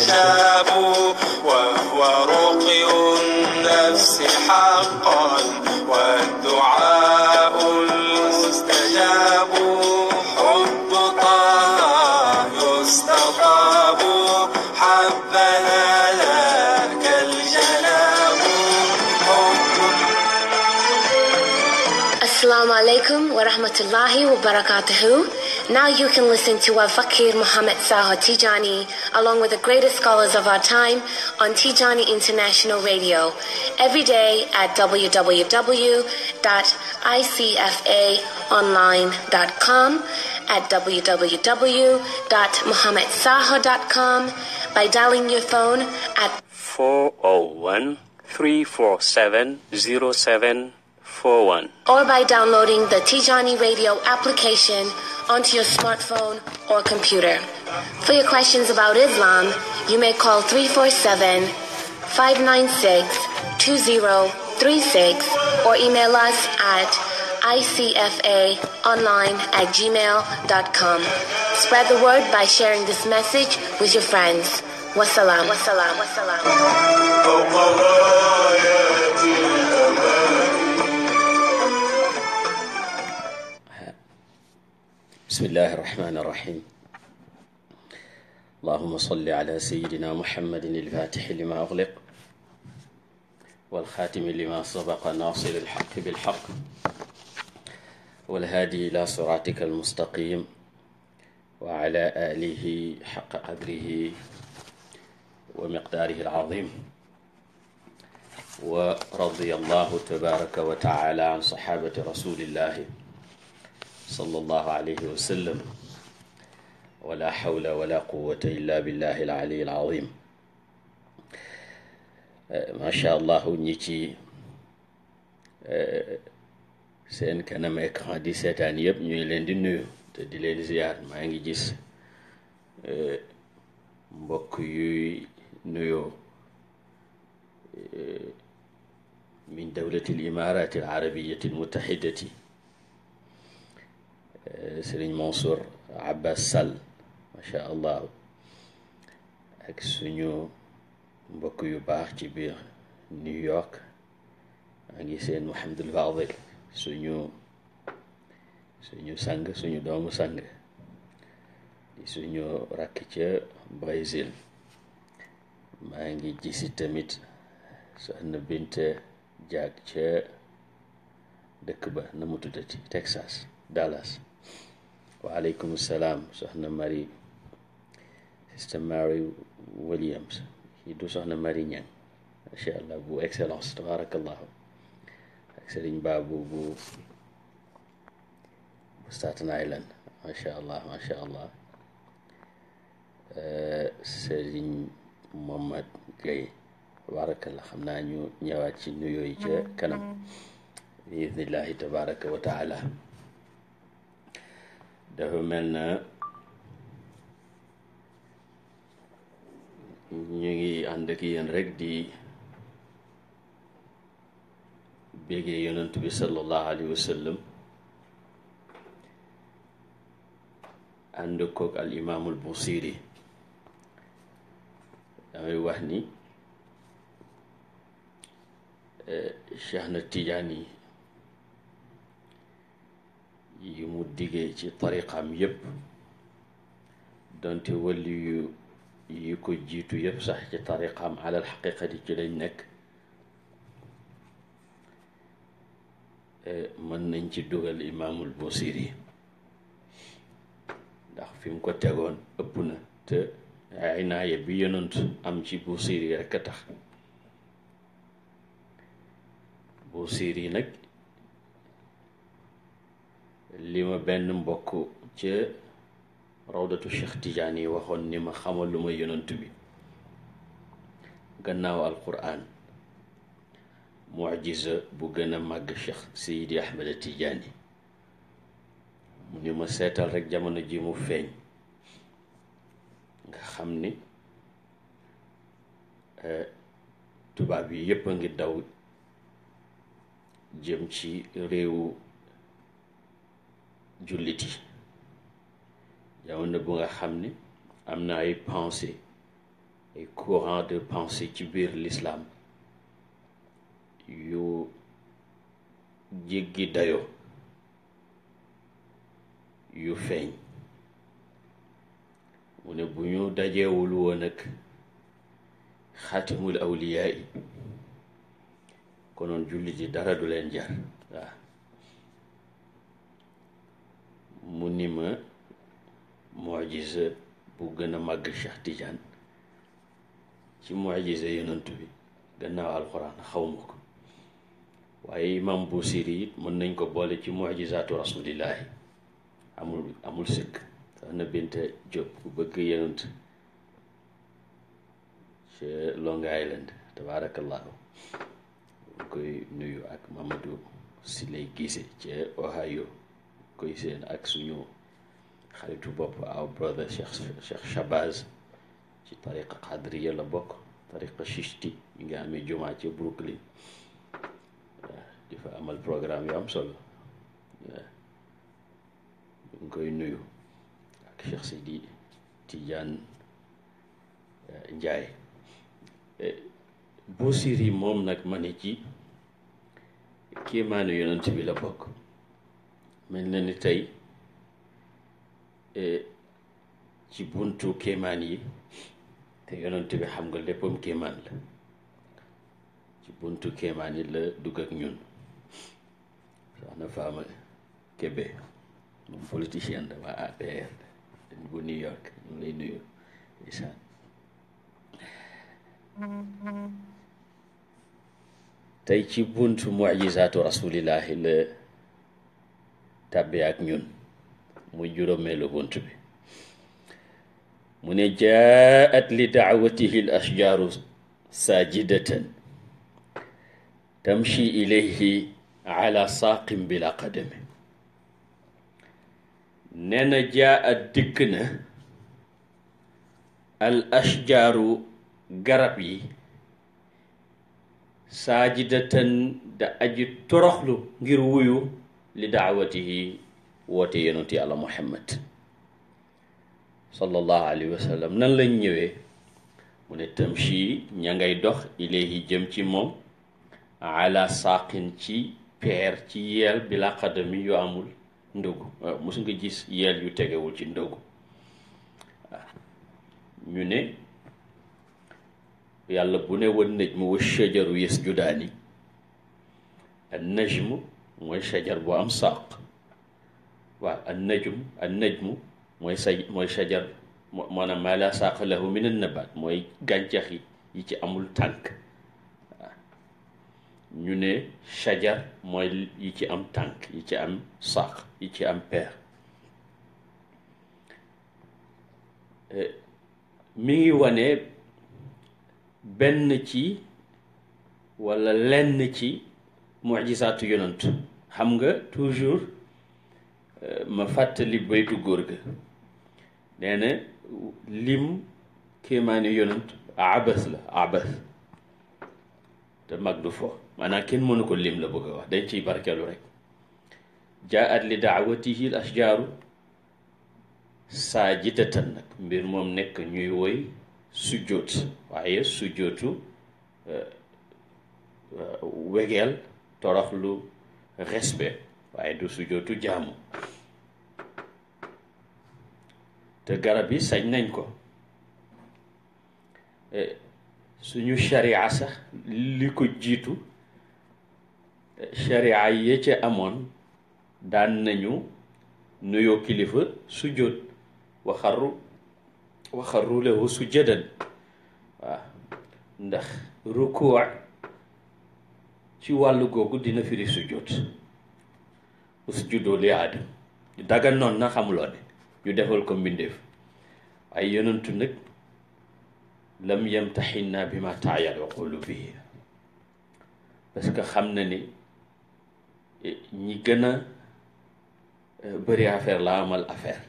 يشاء وهو رقي النفس حقا والدعاء المستجاب حب طه يستطاب حبنا لك الجناب السلام عليكم ورحمة الله وبركاته Now you can listen to our Fakir Muhammad Saha Tijani along with the greatest scholars of our time on Tijani International Radio every day at www.icfaonline.com, at www.muhammadsaha.com, by dialing your phone at 401 347 07 841. Or by downloading the Tijani Radio application onto your smartphone or computer. For your questions about Islam, you may call or email us at icfaonline at gmail.com. Spread the word by sharing this message with your friends. Oh, oh, oh, bismillahi irrahmani irrahim allahuma salli ala sayidina muhammadin ilfatixi lima uxliq walxaatimi lima sabaqa nasiri ilxaqi bilxaq walhaadi ila siratika almustaqim wa ala alihi xaqa qadrihi wa miqdaarihi alazim wa radiya allahu tabaraka wa taala an saxaabati rasulillahi sallallahu alayhi wa sallam wala hawla wala quwwata illa billahi al ali al azim macha allah ñi ci eh, seen kanam écran di seetaan yëpp ñu ngi leen di nuyu te di leen ziyaar maa ngi gis eh, mbokk yuy nuyoo eh, min dawlati al imarati al arabiyati al mutahidati sëriñ Mansour Abbas Sall macha allah ak suñu mbokk yu baax ci biir New York maa ngi seen Mouhamadul Fadil suñu suñu sang suñu doomu sang di suñu rakk ca Brésil maa ngi gisi tamit soxna Binte Jaag ca dëkk ba na mu ci Texas Dallas waaleykum salaam soxna mari Sister Mary Williams kii du soxna Marie Niang macha allah bu excellence tabarakallahu ak sëriñ baabu bu bu allah macha allah euh, sëriñ Mohamed Gaye tabarakallah xam naa ñu ñëwaat ci nuyoo yi kanam bi idnillahi tabaraka wa dafa mel na ñu ngi ànd ak rek di bégee yonent bi sallallahu alayhi wa sallam ànd al imaamul Busiri damay wax ni eh, Cheikh na Tidiane yi diggee ci tariqaam yépp donte wëlli yu yi ko jiitu yépp sax ci tariqaam alal xaqiqati ci lañ nekk eh, mën nañ ci dugal imaamul Busiri ndax fi mu ko tegoon ëpp na te inaaya bi yonent am ci Busiri rekk a tax Busiri nag li ma benn mbokk ca rawdatu Cheikh Tidiane yi waxoon ni ma xamal lu ma yonant bi gannaaw alquran mucjisa bu gën a màgg Cheikh Seydi Ahmed Tidiane yi mu ni ma seetal rek jamono ji mu feeñ nga xam ni eh, tubaab yi yépp a ngi daw jëm ci réewu jullit yi jamono bu nga xam ni am na ay pensée ay courant de pensée ci biir lislaam yu jéggi dayo yu feeñ mu ne bu ñu dajewul woon ak xaatimul awliyaa yi konoon jullit yi dara du leen jar mu ni ma mojisa bu gën a màgg Cheikh Tidiane ci mojisa yonent bi gannaaw alxuraan xawma ko waaye imam Busiri it mën nañ ko boole ci mojisaatu rasulillahi amul amul sëkk sax na Binta Diop bu bëgg yonent ca Long Island tabaarakallaahu koy nuyu ak Mamadou Siley Gise ca Ohio koy seen ak suñu xaritu bopp aw brother Cheikh Cheikh ci tariqa xadriya la bokk tariqa chichti yi nga amee ci Brooklyn di amal programme yu am solo ñu ngi koy nuyu ak Cheikh Sidi Tidiane eh, Ndiaye eh, Buusiri moom nag ma ne ci kéemaanu yonent bi la bokk mel na ni tey eh, ci buntu kéemaan yi te yonent bi xam nga léppam kéemaan la ci buntu kéemaan yi la duga ak ñun soxna Fama Kébé moom politicien la waa APR bu New York ñu lay nuyu isaan tey ci buntu mujizaatu rasulillahi la tàbbi ak ñun muy juróomeelu bunt bi mu ne jaat li daawatihi l ashjaaru saajidatan tamshi ilayhi ala saaqim bila qadami nee na jaat dikk na al ashjaaru garab yi saajidatan da aji toroxlu ngir wuyu li daawatihi woote yonent yàlla muhammad sallallahu alayhi wa nan lañ ñëwee mu ne tamshi ña ngay dox ilayhi jëm ci moom ala saaqin ci peer ci yeel bi la xadami yu amul ndogu waaw mos nga gis yeel yu tegewul ci ndogu ñu ne yàlla bu ne wan najmu wa shajaru yasjudaani an najmu mooy shajar bu am sàq waaw an najum najmu mooy sa mooy shajar maanaam maa laa saaqa lahu min an nabaat mooy gàncax yi yi ci amul tànk ñu ne shajar mooy yi ci am tànk yi ci am sàq yi ci am eh, mi ngi wane benn ci walla lenn ci mujisaatu yonantu xam nga toujours euh, ma fàttali baytu góor gi nee na lim kéemaani yonent abas la abas te mag du fo maanaam kenn mënu ko lim la bëgg a wax dañ ciy barkeelu rek jaat li daawatihi l ashjaaru saajidatan nag mbir moom nekk ñuy woy sujjóot waaye sujjóotu euh, euh, wegeel toroxlu respect waaye du sujootu jaamu te garab yi sañ nañ ko eh, suñu sharia sax li ko jiitu eh, sharia yi ca amoon daan nañu nuyoo kilifa sujoot waxaru waxaru lahu sujadan ndax rukuwa ci wàllu googu dina firi sujjóot usjudu li aadam ñu dagan na xamuloo ne ñu defal ko mbindeef ay yonentu nag lam yamtaxinna bi ma taayal wa qulubi parce que xam na ni eh, ñi gën a eh, bëri affaire la amal affaire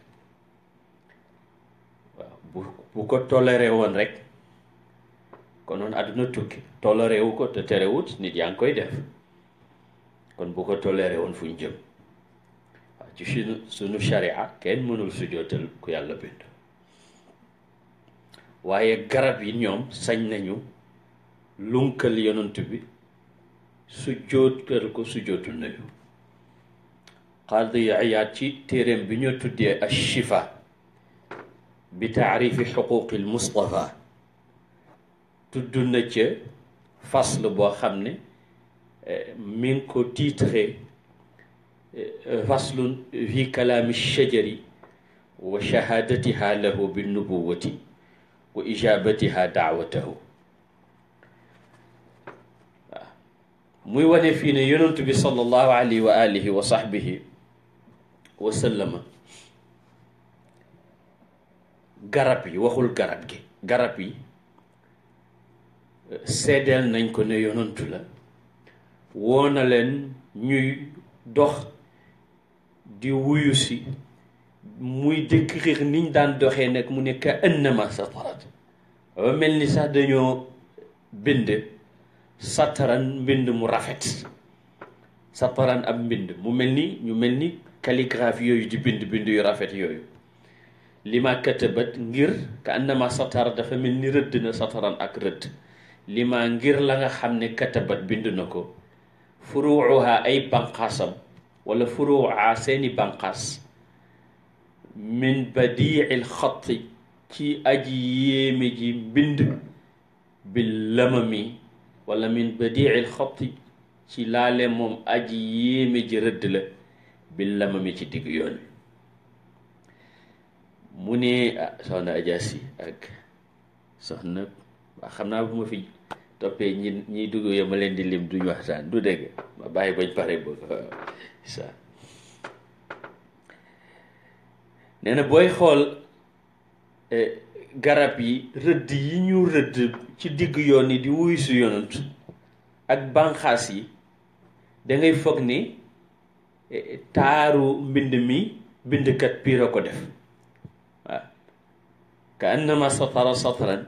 waaw bu bu ko toléré woon rek konoon àdduna tukki toléré wu ko te terewut nit yaa ngi koy def kon bu ko toléré woon fu jëm waaw ci suñu suñu sharia kenn mënul sujootal ku yàlla bind waaye garab yi ñoom sañ nañu lunkal yonent bi sujootal ko sujootul nañu Qaadi Iyaad ci téeréem bi ñoo tuddee ash-Shifa bi taarifi xuquqi al-Mustafa tudd na ca fasl boo xam ne eh, mi ngi ko tiitre eh, faslun fi kalaami shajari wa shahadatiha lahu bi nubuwati wa ijabatiha daawatahu waaw muy wane fii ne yonent bi sallallahu alayhi wa alihi wa sahbihi wa sallama garab yi waxul garab gi garab yi seedeel nañ ko ne yonantu la woo na leen ñuy dox di wuyu si muy décrire niñ daan doxee nag mu ne ka ënnama satarat ba mel ni sax dañoo bind sataran mbind mu rafet sataran ak mbind mu mel ni ñu mel ni calligraphe yooyu di bind bind yu rafet yooyu li ma katabat ngir ka annama satar dafa mel ni rëdd na sataran ak rëdd lima ngir la nga xam ne katabat bind na ko furuuha ay banqaasam wala furuuha seeni banqaas min badiil xatti ci aji yéeme ji mbind bi lamami wala min badiil xatti ci laale moom aji yéeme ji rëdd la bi ci digg yoon mu ne ah, soxna ajaasi ak soxna waaw xam naa bu ma fi toppee ñi ñiy dugg yo leen di lim duñu waxtaan du dégg ma bàyyi bañ pare bëgg sa booy xool eh, garab yi rëdd yi ñu rëdd ci digg yoon yi di wuyu su yonant ak banqaas yi dangay ngay foog ni eh, taaru mbind mi bindkat piir a ko def waaw ka annama satara satran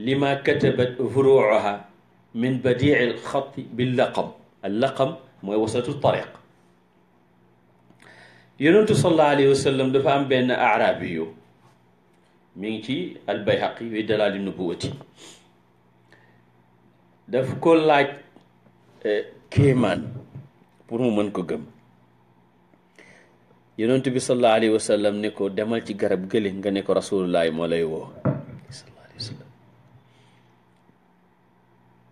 lima katabat furuuha min badii alxati billaqam allaqam mooy wasatu tariq yonentu sallallahu alayhi wa sallam dafa am benn aaraabi yu mi ngi ci albayhaqi wi dalaali nubuwati daf ko laaj eh, kéemaan pour mu mën ko gëm yonent bi sallallahu alayhi wa sallam ne ko demal ci garab gële nga ne ko rasulullahi moo lay woo sallallahu alayhi wa sallam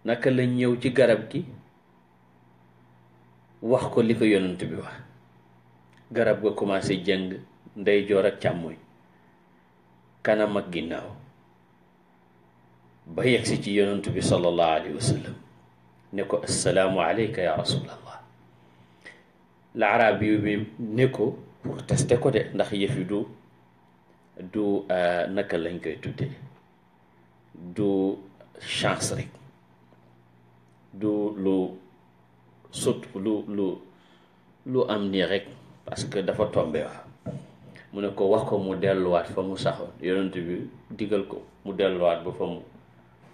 naka lañ ñëw ci garab gi wax ko li ko yonent bi wax garab ga commencé jëng ndeyjoor ak càmmoñ kanam ak ginnaaw ba yegsi ci yonent bi sallallahu alayhi wa sallam ne ko assalaamu alayka ya rasulallah la arab yi bi ne ko pour tester ko de ndax yëf yi du du euh, naka lañ koy tudde du chance rek du lu sut lu lu lu am nii rek parce que dafa tombe mu ne ko wax ko mu delluwaat fa mu saxoon yonent bi digal ko mu delluwaat ba fa mu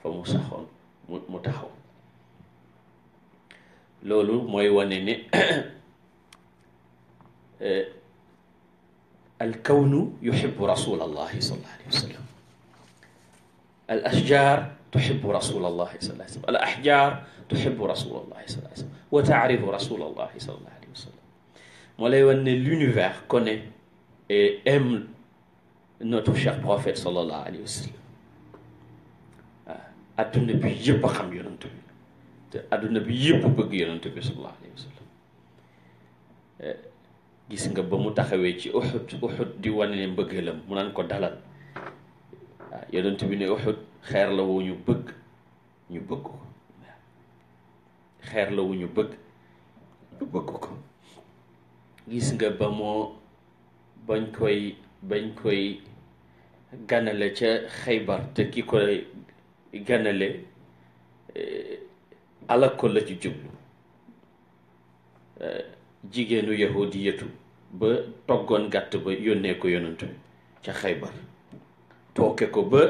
fa mu saxoon mu mu taxaw loolu mooy wane ne eh, alkawnu yuhibbu rasulallahi sallallahu alayhi wa al ashjar tuxibu rasula allahi sallallahu alayhi wa sallam al ahjaar tuxibu rasula allahi sallallahu alayhi wa sallam wa taarifu rasula allahi sallallahu alayhi wa sallam moo lay wan ne l'univers connaît et aime notre cher prophète sallallahu alayhi wa sallam ah, adduna bi yëpp a xam yonent bi te adduna bi yëpp bëgg yonent bi sallallahu alayhi wa sallam eh, gis nga ba mu taxawee ci uxud uxud di wane ne mbëggeelam mu naan ko dalal waaw ah, yonent bi ne uxud xeer la wu ñu bëgg ñu bëgg ko xeer la wu ñu bëgg ñu bëgg ko gis nga ba moo bañ koy bañ koy ganale ca xaybar te ki koy ganale eh, alak ko la ci jublu eh, jigéenu yahudiyatu ba toggoon gàtt ba yónnee ko yonantu ca xaybar tooke ko ba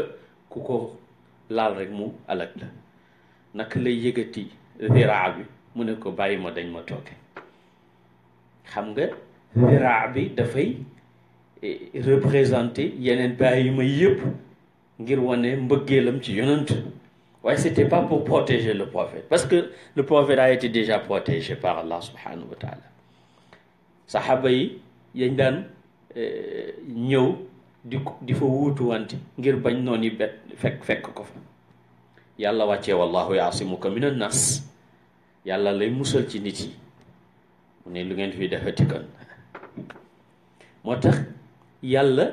ku ko laal rek mu alag la naka lay yëgati ziraa bi mu ne ko bàyyi ma dañ ma tooge xam nga ziraa bi dafay eh, représenté yeneen bàyyi ma yëpp ngir wane mbëggeelam ci yonent waaye c'était pas pour protéger le prophète parce que le prophète a été déjà protégé par Allah subhanahu wa taala saxaaba yi yañ daan eh, ñëw di di fa wuutuwante ngir bañ noonu bet fekk fekk ko fa yàlla wàccee wallahu yaasimuka min an nas yàlla lay musal ci nit yi mu ne lu ngeen fi defati kon moo tax yàlla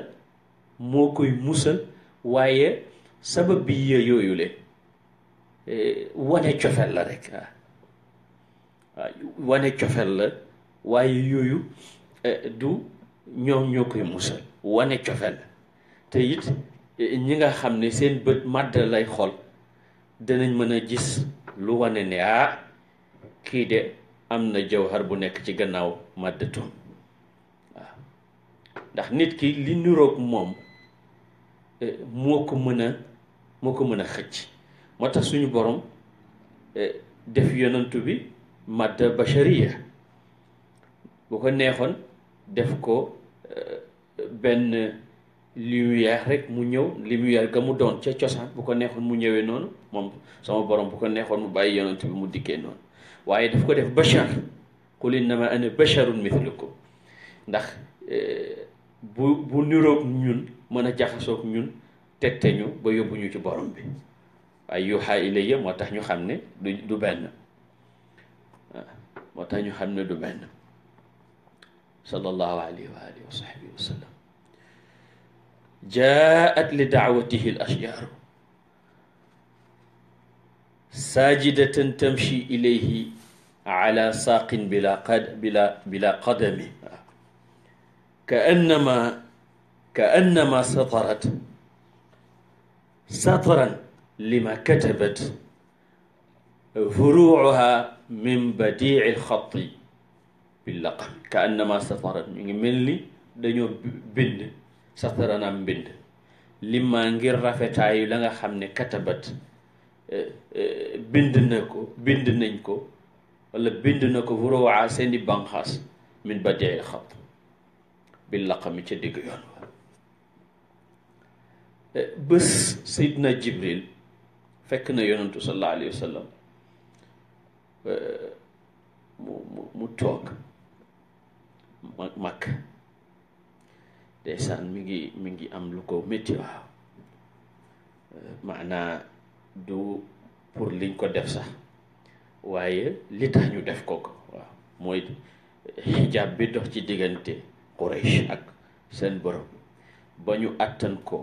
moo koy musal waaye sabab bi yee yooyu le e, wane cofeel la rek ah. waaw wane cofeel la waaye yooyu e, du ñoom ñoo koy musal wane cofeel te it ñi nga xam ne seen bët màdd lay xool dinañ mën a gis lu wane ne ah kii de am na jawhar bu nekk ci gannaaw màddatum waaw ndax nit ki li niroog moom eh, moo ko mën a moo ko mën a xëcc moo tax suñu borom eh, def yonantu bi màdd bashariya bu ko neexoon def ko eh, benn lumière rek mu ñëw lumière ga mu doon ca cosaan bu ko neexoon mu ñëwee noonu moom sama borom bu ko neexoon mu bàyyi yonent bi mu dikkee noonu waaye daf ko def bachar qul innama ana basharun ko ndax e, bu bu niroog ñun mën a jaxasoog ñun tette ñu ba yóbbu ñu ci borom bi waaye yuuxaa ilayya moo tax ñu xam ne du du benn moo tax ñu xam ne du benn sallallahu alayhi wa alihi wa sahbihi wa sallam jaat li daawatihi al ashjaaru saajidatan tamshi ilayhi ala saaqin bila qad bila bila qadami ka annama ka annama satarat satran lima katabat furuuha min badii al xatti bi laqami ka safarat ñu ngi mel ni dañoo bind sataranaam mbind limma ngir rafetaayu la nga xam ne katabat eh, eh, bind na ko bind nañ ko wala bind na ko vurowaa seeni banqaas min ba deel xab bi laqami ca digg yoon wa eh, bés sayidna jibril fekk na yonentu sallallahu alayhi wa mu mu toog mag ndeysaan mi ngi mi ngi am lu ko métti waaw euh, maanaa du pour liñ ko def sax waaye li tax ñu def ko ko waaw mooy xijaab bi dox ci diggante Quraysh ak seen borom ba ñu àttan ko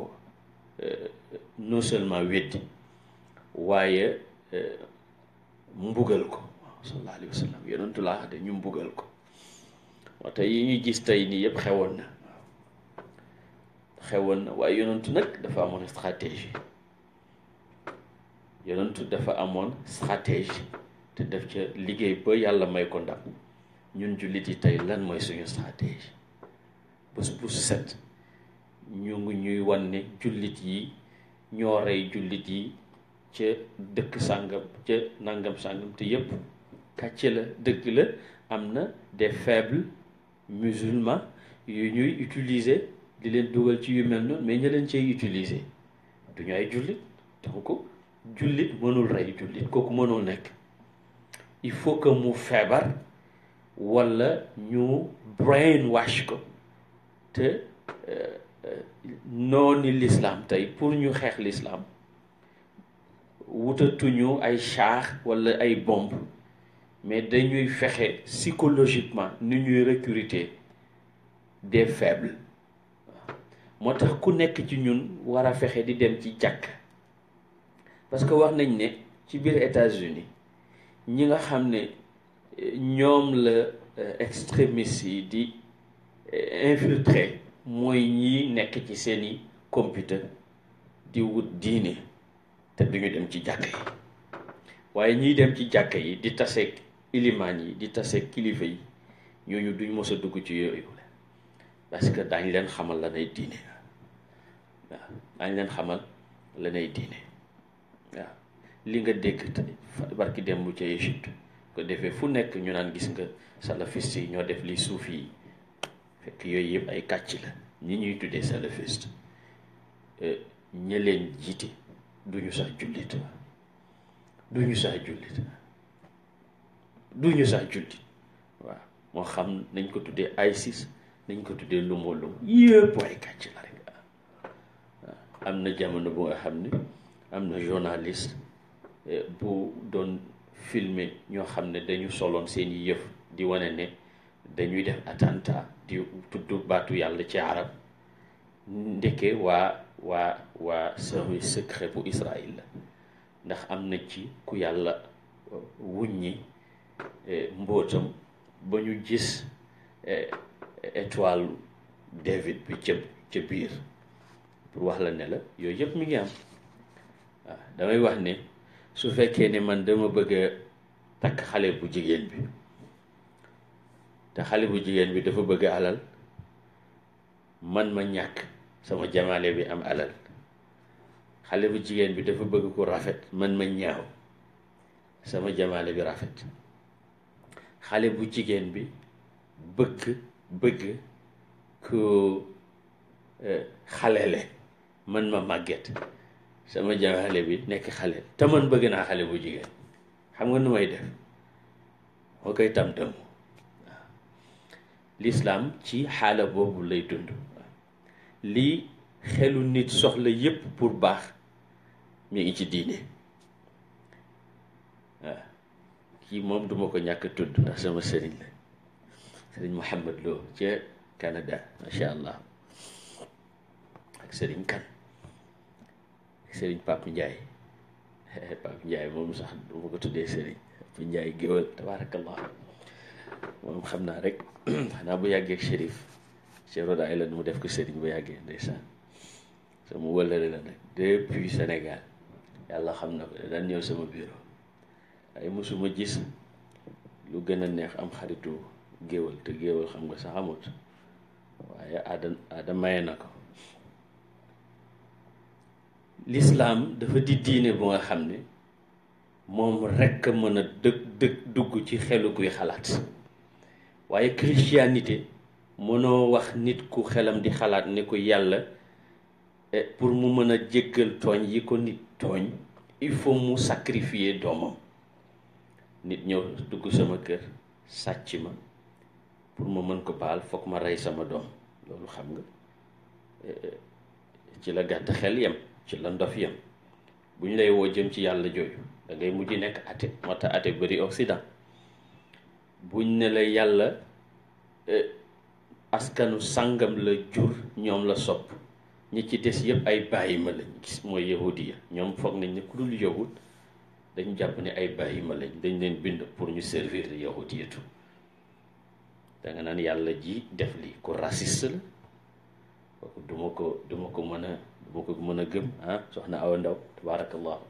euh, non seulement weddi waaye euh, mbugal ko sallallahu alayhi wa sallam yonentu laa de ñu mbugal ko wate yi ñu gis tey nii yëpp xewoon na xewoon na waaye yonentu nag dafa amoon stratégie yonentu dafa amoon stratégie te def ca liggéey ba yàlla may ko ndam ñun jullit yi tey lan mooy suñu stratégie bés bu set ñu ngi ñuy wan ne jullit yi ñoo rey jullit yi ca dëkk sàngam ca nangam sàngam te yëpp kàcce la dëgg la am na de faibles musulman yu ñuy utiliser di leen dugal ci yu mel noonu mais ñu leen cay utiliser du ñu ay jullit donc jullit mënul rey jullit kooku mënul nekk il faut que mu feebar walla ñu brainwash ko te euh, euh, nooni lislaam tey pour ñu xeex lislaam wutatuñu ay char walla ay bomb mais dañuy fexe psychologiquement ni ñuy recruter des faibles moo tax ku nekk ci ñun war a fexe di dem ci jàkk parce que wax nañ ne ci biir États-Unis ñi nga xam ne ñoom la euh, extrémistes yi di euh, infiltrer mooy ñi nekk ci seeni computer di wut diine te duñu dem ci jàkk yi waaye ñiy dem ci jàkk yi di taseeg ilimaan yi di tase kilifa yi ñooñu duñ mos a dugg ci yooyu parce que dañ leen xamal la nay diine waaw daañ leen xamal la nay diine waaw li nga dégg tey barki dem bu ca Égypte ko defee fu nekk ñu naan gis nga salafiste yi ñoo def li suuf yi fekk yooyu yëpp ay kàcc la ñi ñuy tuddee sa euh, ña leen jiite duñu sax jullit duñu sax jullit ñu sax julli waaw moo xam nañ ko tuddee ISIS nañ ko tuddee lumo lumo yëpp waaye kàcc la rek am na jamono bu nga xam ne am na journaliste eh, bu doon filmé ñoo xam ne dañu soloon seen i yëf di wane ne dañuy def attanta di tudd baatu yàlla ci arab ndekkee waa waa waa service secret bu Israël la ndax am na ci ku yàlla wuññi E, mbóotam ba ñu gis e, étoile David bi ca ca biir pour wax la ne la yooyu yëpp mi ngi am damay wax ne su fekkee ne man dama bëgg a takk xale bu jigéen bi te xale bu jigéen bi dafa bëgg alal man ma ñàkk sama jamaane bi am alal xale bu jigéen bi dafa bëgg ko rafet man ma ñaaw sama jamaane bi rafet xale bu jigéen bi bëgg bëgg ku euh, xalele man ma màgget sama jam xale bi nekk xale te man bëgg naa xale bu jigéen xam nga nu may def moo koy tam-tam lislaam ci xaala boobu lay dund lii xelu nit soxla yépp pour baax mi ngi ci diine kii moom du duma ko ñàkk tudd ndax sama sëriñ la sëriñ Mouhamed Lo ca Canada macha allah ak sëriñ kan ak sëriñ Pape Ndiaye eh, Pape moom sax duma ko tuddee sëriñ Pape Ndiaye géwël tabaarakallah moom xam naa rek xanaa bu yàggee ak Chérif ca Island mu def ko sëriñ bu yàggee ndeysaan sama wëllëre la nag depuis Sénégal yàlla xam na ko daan ñëw sama bureau waaye mosuma gis lu gën a neex am xaritu géwal te géwal xam nga sax amut waaye aada aada maye na ko lislaam dafa di diine bu nga xam ne moom rekk mën a dëgg dëgg dugg ci xelu kuy xalaat waaye christianité mënoo wax nit ku xelam di xalaat ne ko yàlla eh, pour mu mën a jéggal tooñ yi ko nit tooñ il faut mu sacrifier doomam nit ñëw dugg sama kër sàcc ma pour ma mën ko baal foog ma rey sama doom loolu xam nga eh, ci la gàtt xel yam ci la ndof yam bu ñu lay woo jëm ci yàlla jooju da ngay mujj nekk ate moo tax ate bëri occident buñ ne la yàlla eh, askanu sàngam la jur ñoom la sopp ñi ci des yëpp ay bàyyi ma lañ gis mooy yahudi ya ñoom foog nañ ne ku dul yahud dañu jàpp ne ay bahima lañ dañ leen bind pour ñu servir yahudiyatu da nga naan yàlla ji def li ko raciste la kooku ko du ko mën a du mën a gëm ah soxna Awa Ndaw tabaarakallahu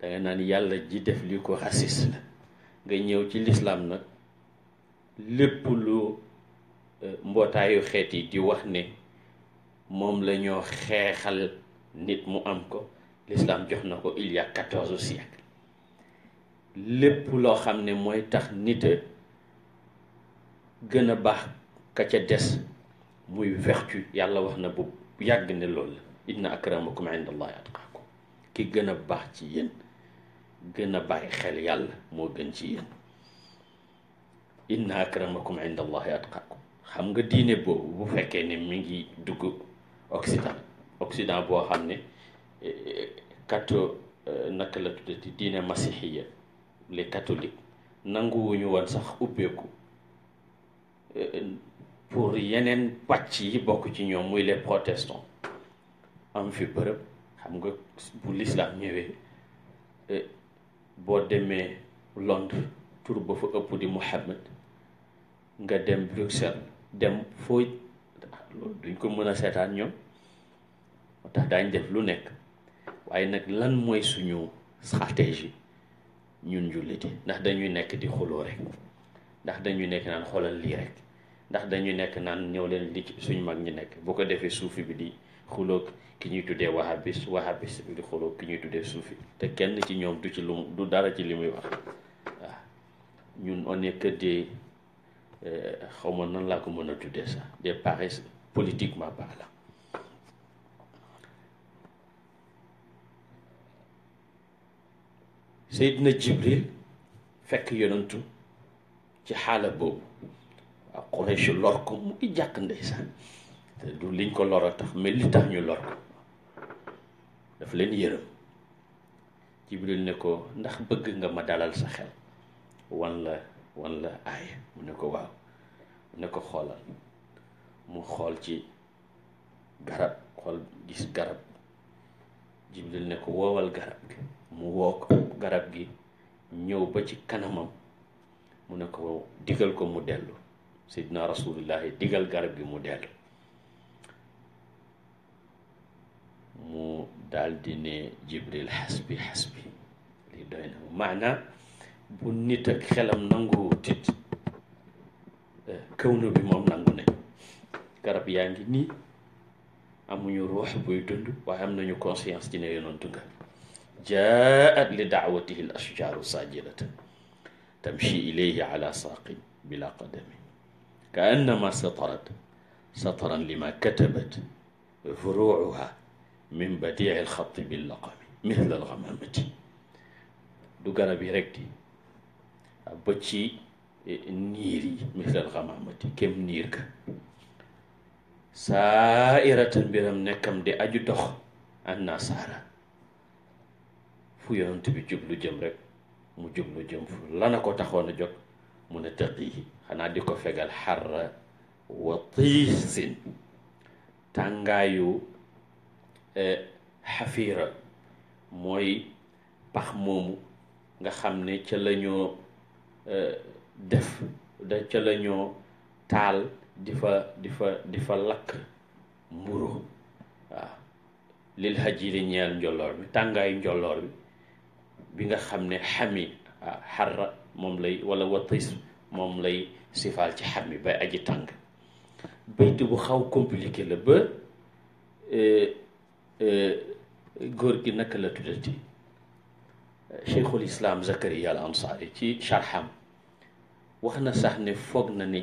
da nga naan yàlla ji def li ko raciste la nga ñëw ci lislaam na lépp lu eh, mbootaayu xeet yi di wax ne moom la xeexal nit mu am ko l'islam jox na ko il y lépp loo xam ne mooy tax nit gën a baax ka ca des muy vertu yàlla wax na bu yàgg ne loolu la inna akramakum indallahi ki gën a baax ci yéen gën a bàyyi xel yàlla moo gën ci yéen inna akramakum indallahi atqaakum xam nga diine boobu bu fekkee ne mi ngi dugg Occident occident boo xam ne eh, eh, catho eh, naka la tuddati diine masihiya le catholiques nanguwuñu woon sax ubbeeku pour yeneen pàcc yi bokk ci ñoom muy les protestants am fi bërëb xam nga bu lislaam ñëwee boo demee Londres tur ba fa ëpp di Mohammed nga dem Bruxelles dem foo ah, loolu duñ ko mën a seetaan ñoom moo tax daañ def lu nekk waaye nag lan mooy suñu stratégie ñun julliti ndax dañuy nekk di xuloo rek ndax dañuy nekk naan xoolal lii rek ndax dañuy nekk naan ñëw leen li suñ mag ñi nekk boo ko defee suufi bi di xuloog ki ñuy tuddee wahabis wahabis bi di xuloog ki ñuy tuddee suufi te kenn ci ñoom du ci lu du dara ci li muy wax waaw ñun on kër que des euh, xaw ma nan laa ko mën a tuddee sax des paris politiquement parlant Seydina Jibril fekk yonantu ci xaala boobu waaw Quraysh lor ko mu ngi jàkk ndeysaan te du liñ ko lor a tax mais li tax ñu lor ko daf leen yërëm Jibril ne ko ndax bëgg nga ma dalal sa xel wan la wan la aaya mu ne ko waaw mu ne ko xoolal mu xool ci garab xool gis garab Jibril ne ko woowal garab gi mu wow ko garab gi ñëw ba ci kanamam mu ne ko digal ko mu dellu sidna rasulillahi digal garab gi mu dellu mu daldi ne jibril xasbi xasbi li doy na maana bu nit ak xelam nangu tit eh, këwnu bi moom nangu nañ garab yaa ngi nii amuñu ruux buy dund waaye am nañu conscience dina yonantu nga jaat li daawatihi l ashjaaru saajilatan tamshi ilayhi ala saaqin bila qadami ka annama satarat satran lima katabat furuuha min badii lxati billaqami mithla alxamamati du garab yi rek di ba ci eh, niir yi mithla alxamamati kem niir ka saa iratan biram nekkam di aju dox an nasaara fu yonent bi jublu jëm rek mu jublu jëm fu lana ko taxoon a jóg mu ne tëqiyi xanaa di ko fegal xarra wa tiisin tàngaayu eh, xafiira mooy pax moomu nga xam ne ca la ñoo eh, def da ca la taal di fa di fa di fa lakk mburu waaw lil hajiri ñeel njolloor bi tàngaayu njolloor bi bi nga xam ne xami ah, xarra moom lay wala watis moom lay sifaal ci xami bay aji tàng bayt bu xaw compliqué la ba eh, eh, góor gi naka la tuddati cheikhul islam zakariya al ansaari ci charxam wax na sax ne foog na ni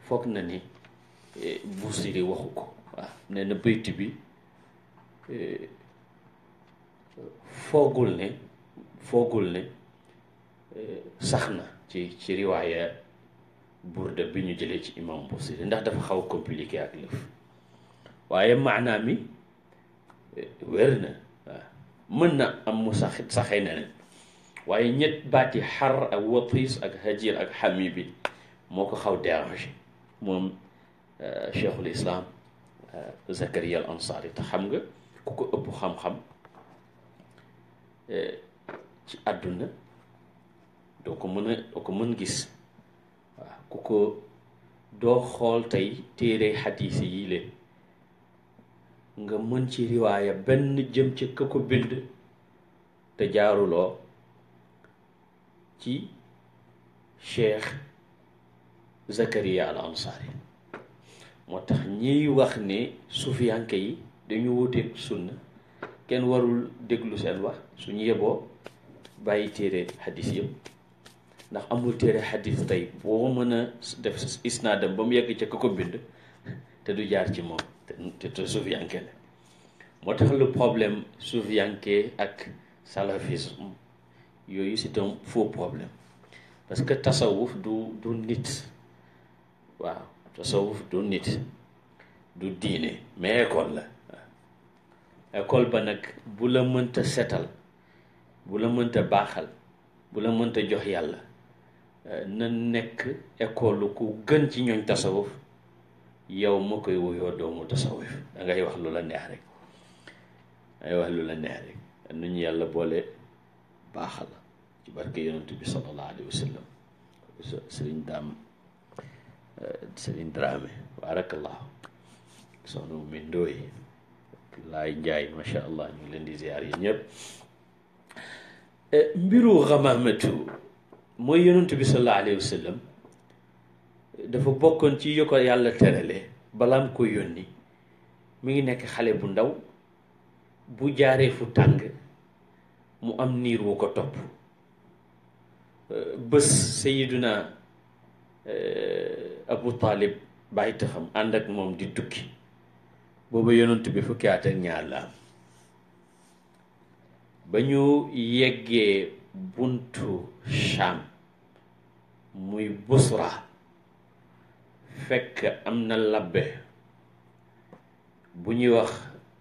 foog na ni eh, Busiri waxu ko waaw na bayt bi foogul ne foogul ne eh, sax na ci ci riwaaya burda bi ñu jëlee ci imam Busiri ndax dafa xaw a ak lëf waaye maanaa mi eh, wér na waaw mën na am mu sax saxee na waaye ñett baati xar ak watiis ak hajir ak xami bi moo ko xaw dérangé moom eh, cheikhul islam Zakaria al Ansari te xam nga ku ko xam-xam ci àdduna doo ko mën ko mën gis waa ku ko doo xool tey téere xadiis yi leen nga mën ci riwaaya benn jëm ci ka ko bind te jaaruloo ci cheikh Zakaria al Ansari moo tax ñiy wax ni sufiyanke yi dañu wuteeg sunna kenn warul déglu seen wax suñu yeboo bàyyi téere xadis yëpp ndax amul téere xadis tey boo mën a def dem ba mu yegg ca ko ko bind te du jaar ci moom te te suufiyanke la moo tax le problème suufiyanke ak salafisme yooyu c'est un faux problème parce que tasawuf du du nit waaw tasawuf du nit du diine mais école la école ba nag bu la mënta setal bu la mënta baaxal bu la mënta jox yàlla euh, na nekk école ku gën ci ñoñ tasawuf yow ma koy wuyoo doomu tasawuf wax lu la neex rek dangay wax lu la neex rek nu ñu yàlla boole baaxal ci barke yonent bi sallallahu alayhi wa sallam sëriñ daam sëriñ Dramé barakallahu soxna laay njaay macha allah ñu leen di ziar yi ñëpp Eh, mbiru xamaamatu mooy yonent bi sallallahu alayhi wa sallam dafa bokkoon ci yu yàlla terale balaam ko yónni mi ngi nekk xale bu ndaw bu jaaree fu tàng mu am niir wu ko topp eh, bés sayiduna eh, abu taalib bàyyi taxam ànd ak moom di tukki booba yonent bi fukki at ak ñaar la ba ñu yeggee buntu Sham muy busra fekk am na labbe bu ñuy wax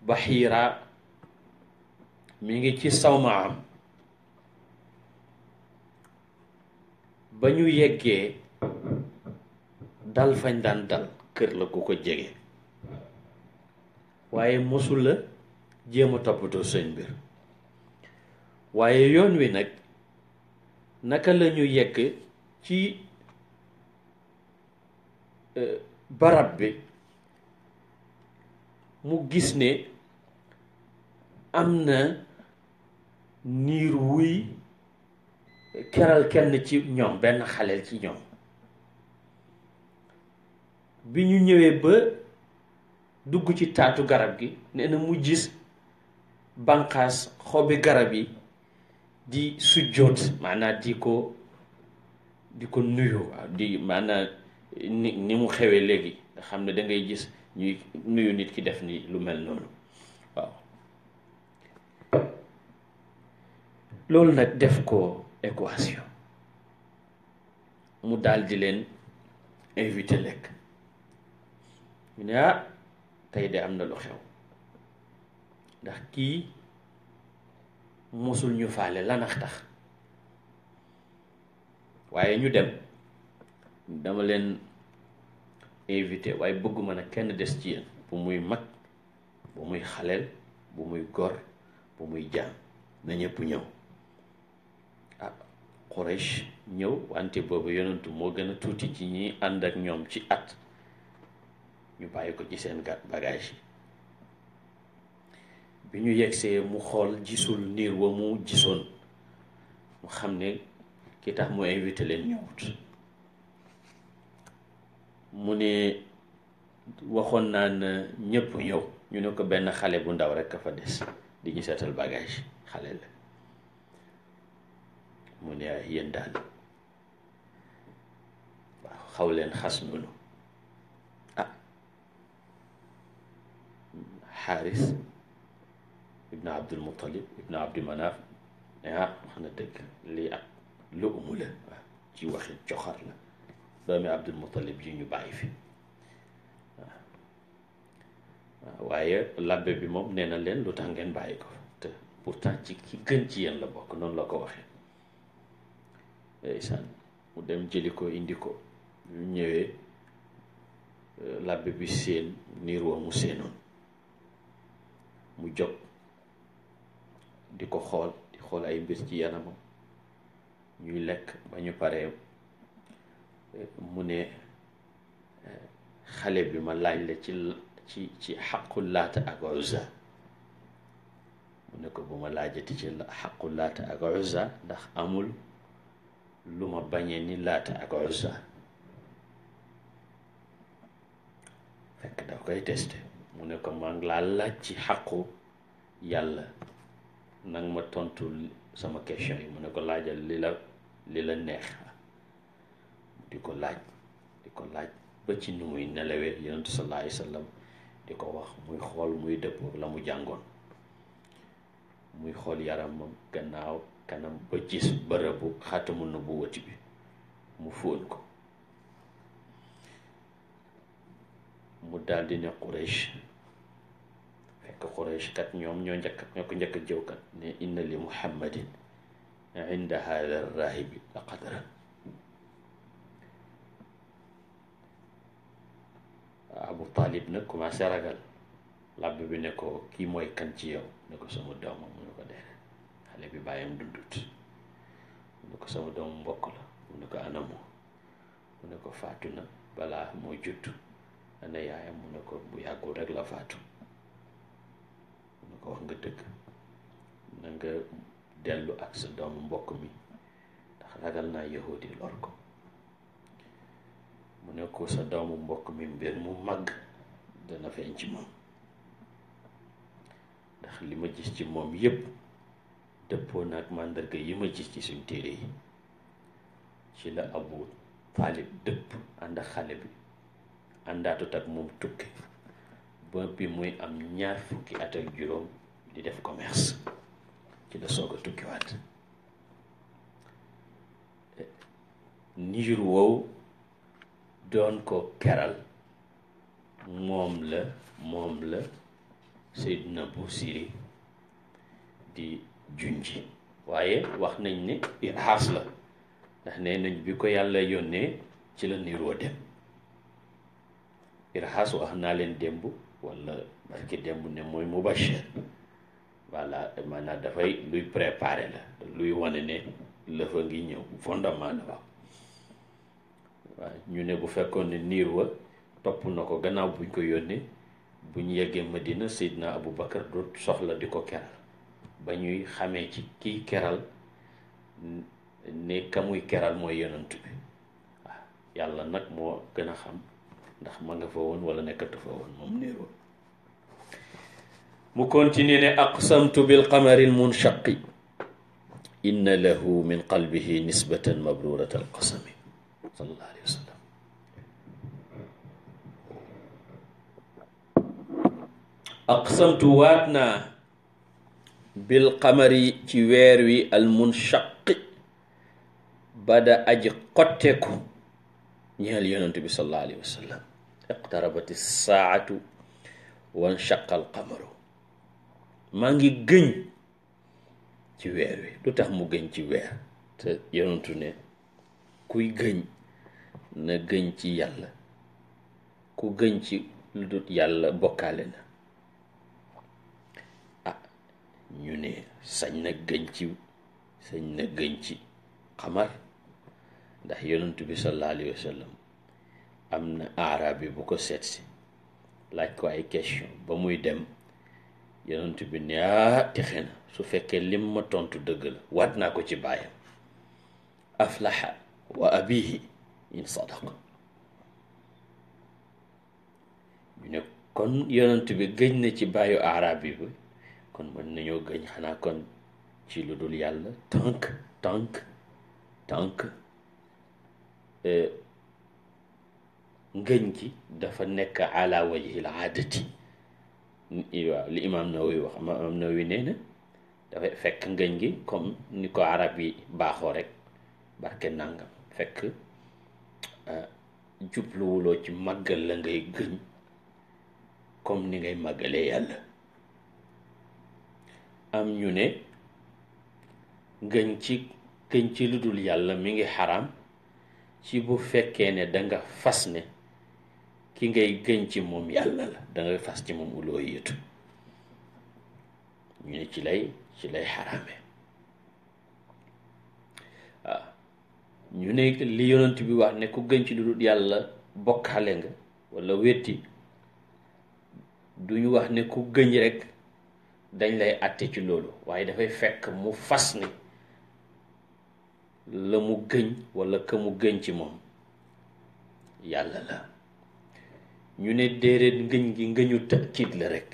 baxiira mi ngi ci sawmaam ba ñu yeggee dal fañ daan dal kër la ku ko jege waaye mosula jéema toppatoo seen mbir waaye yoon wi nag naka lañu ñu ci euh, barab bi mu gis ne am na niir wuy keral kenn ci ñoom benn xaleel ci ñoom bi ñu ñëwee ba dugg ci taatu garab gi nee na mu gis banqaas xobi garab yi di sujjóot maanaam di ko di ko nuyu di maanaam ni ni mu xewee léegi nga xam ne dangay gis ñuy nuyu nit ki def nii lu mel noonu waaw loolu nag def ko équation mu daldi leen invité lekk ñu ne ah tey de am na lu xew ndax kii mosul ñu faale lanax tax waaye ñu dem dama leen invité waaye bëgguma na kenn des ci yéen bu muy mag bu muy xaleel bu muy gor bu muy jaam na ñëpp ñëw ah Quraysh ñëw wante boobu yonentu moo gën a tuuti ci ñi ànd ak ñoom ci at ñu bàyyi ko ci seen bagage yi bi ñu yegsee mu xool gisul niir wa mu gisoon mu xam ne kii tax mu invité leen ñëwut mu ne waxoon naa na ñëpp ñëw ñu ne ko benn xale bu ndaw rek a fa des di ñu seetal bagage xale la mu ne ay ah, yéen waaw xaw leen xas noonu ah xaaris ibnu abdul muttalib ibnu abdi manaaf ah wax na dëgg lii ak lu umu la waaw ci waxi coxar la doomi abdul muttalib ji ñu bàyyi fi waaw waaye labbe bi moom nee na leen lu tax ngeen bàyyi ko te pourtant ci ki gën ci yéen la bokk noonu la ko waxee ndeysaan mu dem jëli ko indi ko ñu ñëwee euh, labbe bi seen niir wa mu seenoon mu jóg di ko xool di xool ay mbir ci yanamam ñuy lekk ba ñu paree eh, mu ne eh, xale bi ma laaj la ci ci ci xaqu laata ak uzza mu ne ko bu ma laajati ci xaqu laata ak uzza ndax amul lu ma bañee ni laata ak uzza fekk daf koy teste mu ne ko maa ngi laa laaj ci xaqu yàlla nag ma tontul sama question yi mu ne ko laajal li la li la neex di ko laaj di ko laaj ba ci ni muy nelawee yonentu sallallahu alayhi wasallam di ko wax muy xool muy dëppoo la mu jàngoon muy xool yaramam gannaaw kanam ba gis bërëbu bu wët bi mu fóon ko mu daldi ne Quraysh fekk Quraysh kat ñoom ñoo njëkk ñoo ku njëkk a jëw kat li muhammadin inda hada rahibi la qadran Abu Talib nag commencé ragal làbb bi ne ko kii mooy kan ci yow ne ko sama doom mu ne ko dee xale bi bàyyam dundut mu ne ko sama doom mbokk la mu ne ko anamu mu ko faatu na balaa moo judd ana yaayam mu ko bu yàggul rek la faatu wax nga dëgg na dellu ak sa doomu mbokk mi ndax ragal naa yahudi lor ko mu ne ko sa doomu mbokk mi mbir mu màgg dana feeñ ci moom ndax li ma gis ci moom yépp dëppoo na ak màndarga yi ma gis ci suñ téere yi ci la abu taalib dëpp ànd xale bi àndaatut ak moom tukki ba bi muy am ñaar fukki at ak juróom di def commerce ci la soog a tukkiwaat niir woowu doon ko keral moom la moom la Seydina Busiri di junji waaye wax nañ ne irhaas la ndax nee nañ bi ko yàlla yónnee ci la niir woo dem irhaas wax naa leen démb wala barki démb ne mooy mubashir voilà maanaam dafay luy préparer la luy wane ne lëfa ngi ñëw fondement la waaw ñu ne bu fekkoon ne niir wa topp na ko gannaaw buñ ko yónnee buñ ñu ma dina Seydina Abu Bakar du soxla di ko keral ba ñuy xamee ci kiy keral ne kamuy keral mooy yonent bi waaw yàlla nag moo gën a xam ndax ma nga fa woon wala nekkatu fa woon moom niir wa mu continuer ne aqsamtu bil qamari munshaqi inna lahu min qalbihi nisbatan mabrurat alqasami sallallahu alayhi wa sallam aqsamtu waat naa bil qamari ci weer wi al munshaqi bada aji xotteeku ñeel yonent bi sallallahu alayhi wa sallam iqtarabat issaatu wa nshaqa alqamaru maa ngi gëñ ci weer wi lu tax mu gëñ ci weer te yonentu ne kuy gëñ na gëñ ci yàlla ku gëñ ci lu dut yàlla bokkaale na ah ñu ne sañ na gëñ ci sañ na gëñ ci xamar ndax yonentu bi sallallahu alayhi wa am na aarab bi bu ko seetsi laaj ko ay question ba muy dem yonent bi ne ah texe na su fekkee lim ma tontu dëgg la waat naa ko ci baayam aflaha wa abihi in sadaqa ñu ne kon yonent bi gëñ na ci baayu arab yi bi kon mën nañoo gëñ xanaa kon ci lu dul yàlla tànk tànk tànk e, ngëñ gi dafa nekk ala wajhil aadati waaw li imaam Nawawi wax imaam Nawawi nee na dafay fekk ngëñ gi comme ni ko arab yi baaxoo rek barke nangam fekk euh, jubluwuloo ci màggal la ngay gëñ comme ni ngay màggalee yàlla am ñu ne gëñ ci gëñ ci lu dul yàlla mi ngi xaram ci bu fekkee ne danga fas ne ki ngay gën ci moom yàlla la da fas ci moom uloohiyatu ñu ne ci lay ci lay xaraame ah, ñu ne li yonent bi wax ne ku gën ci lu dul yàlla bokkaale nga walla wetti duñu wax ne ku gëñ rekk dañ lay àtte ci loolu waaye dafay fekk mu fas ni la mu gëñ walla ka mu gëñ ci moom yàlla la ñu ne déedéet ngëñ gi ngëñu tëkkiit la rek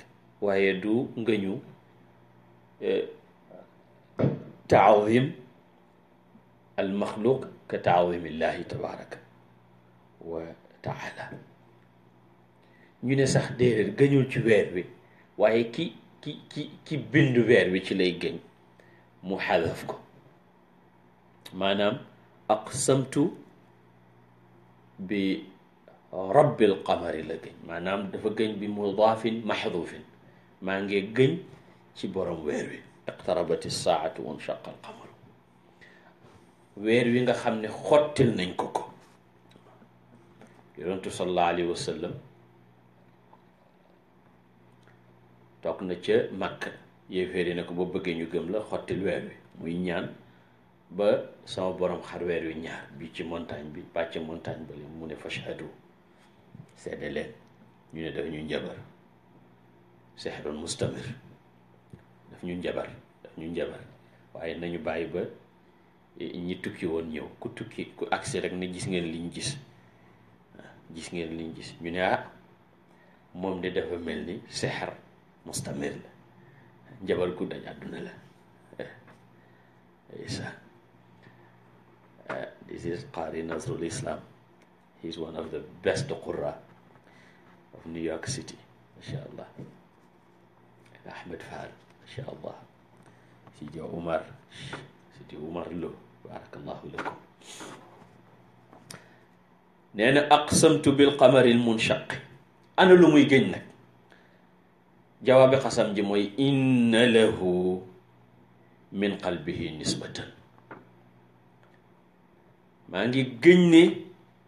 waaye du ngëñu euh, taawim al maxluq ka taawimillahi tabaraka wa taala ñu ne sax déedéet gëñul ci weer wi waaye ki ki ki ki bindu weer wi ci lay gëñ mu xalaf ko maanaam aqsamtu bi rabbil qamari la gëñ maanaam dafa gëñ bi max mahdufin maa ngi gëñ ci borom weer wi iqtarabati saatu wa nchaqa al qamaru weer wi nga xam ne xottil nañ ko ko yonentu sallallahu alayhi wa toog na ca màkk yéeféer yi ko boo bëggee ñu gëm la xottil weer wi muy ñaan ba sama borom xar weer wi ñaar bi ci montagne bi bàcc montagne ba mu ne fashhadu seede leen ñu ne daf ñuy njabar sehrun mustamir daf ñu njabar daf ñu njabar waaye nañu bàyyi ba eh, ñi tukki woon ñëw ku tukki ku aksi rek ne gis ngeen liñ gis ah, gis ngeen liñ gis ñu ne ah moom de dafa mel ni sehr mustamir la njabar gu àdduna la isa eh, ah, this is qari nasrul islam He's one of the best qurra of New York City, inshallah. And Ahmed Fall, inshallah. Sidi Umar, Sidi Umar Lo, barakallahu lakum. nee na aqsamtu bil qamaril munshaq ana lu muy géñ nag jawaabi xasam ji mooy inna lahu min qalbihi nisbatan maa ngi géñ ne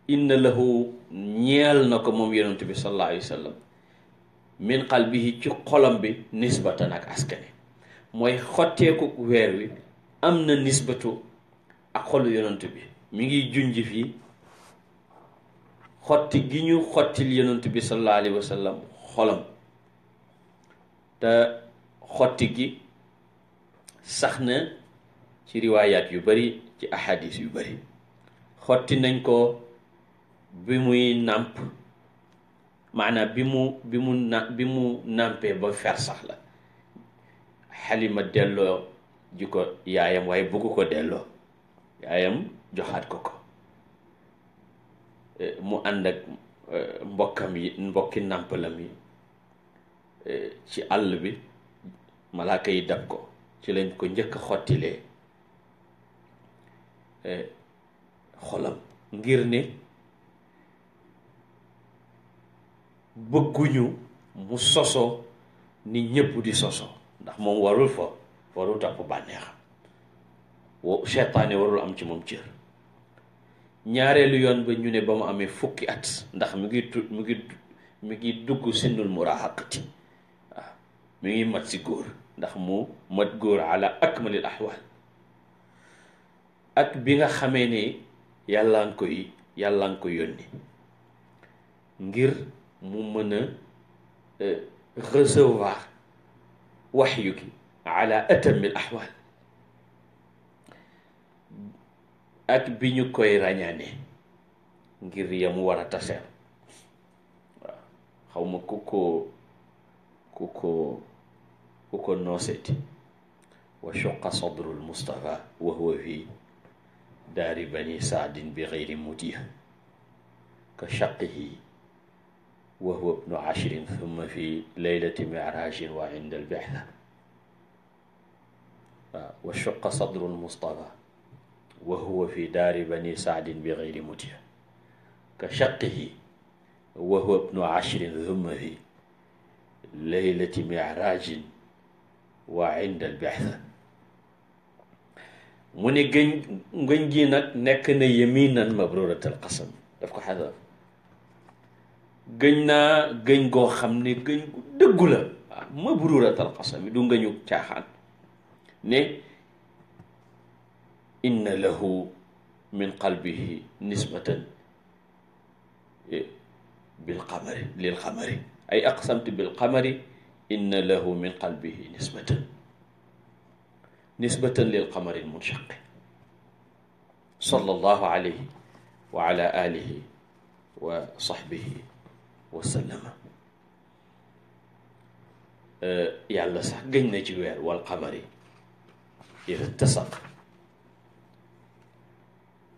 inna lahu ñeel na ko moom yonent bi sallallahu alayhi wa sallam min ci xolam bi nisbatan ak askane mooy xotteeku weer wi am na nisbatu ak xolu yonent bi mi ngi junj fii xotti gi ñu xottil yonent bi sallallahu alayhi wa te xotti gi sax na ci riwaayaat yu bari ci ahadis yu bari xotti nañ ko bi muy nàmp maanaam bi mu bi mu na bi mu nàmpee ba fer la xalima delloo ji ko yaayam waaye bugg ko delloo yaayam joxaat ko ko eh, mu ànd ak eh, mbokkam yi mbokki nàmpalam yi eh, ci àll bi malaaka yi dab ko ci lañ ko njëkk a xottilee xolam ngir ne bëgguñu mu soso ni ñëpp di soso ndax moom warul fa warul topp bànneexam wo seytaane warul am ci moom cër ñaareelu yoon ba ñu ne ba mu amee fukki at ndax mi ngi tu mi ngi mi ngi dugg sinnul murahaqati waaw mu ngi mat si góor ndax mu mat góor ala akmalil ahwal ak bi nga xamee ne yàlla nga koy yàlla nga ko yónni ngir mu mën a euh, recevoir waxyu gi ala atamil ahwal ak bi ñu koy ràññaane ngir yamu war a taseer waaw xaw ma ku ko ku ko ku ko nooseeti wa shuqa sadrul Mustafa wa huwa fi daari bani saadin bi xayri mutiya ka shaqihi wa huwa ibnu ashrin thumma fi laylati mirajin wa inda albixtha waaw wa shuqa sadru lmustafa wa huwa fi daari bani saadin bi geyri mutia ka shaqihi wa huwa ibnu ashrin thumma fi laylati mirajin wa inda albixtha mu ne gëñ gëñ gi nag nekk na yaminan mabruratal qasam daf ko xadaf gëñ naa gëñ goo xam ne gëñ gu dëggu la waaw mabruuratal qasami du ngëñu caaxaan ne inna lahu min qalbihi nisbatan e, bil qamari lil qamari ay aqsamtu bil qamari inna lahu min qalbihi nisbatan nisbatan lil qamari al munshaqi sallallahu alayhi wa ala alihi wa sahbihi wasallama yàlla sax gëñ na ci weer wal qamari ida tasaq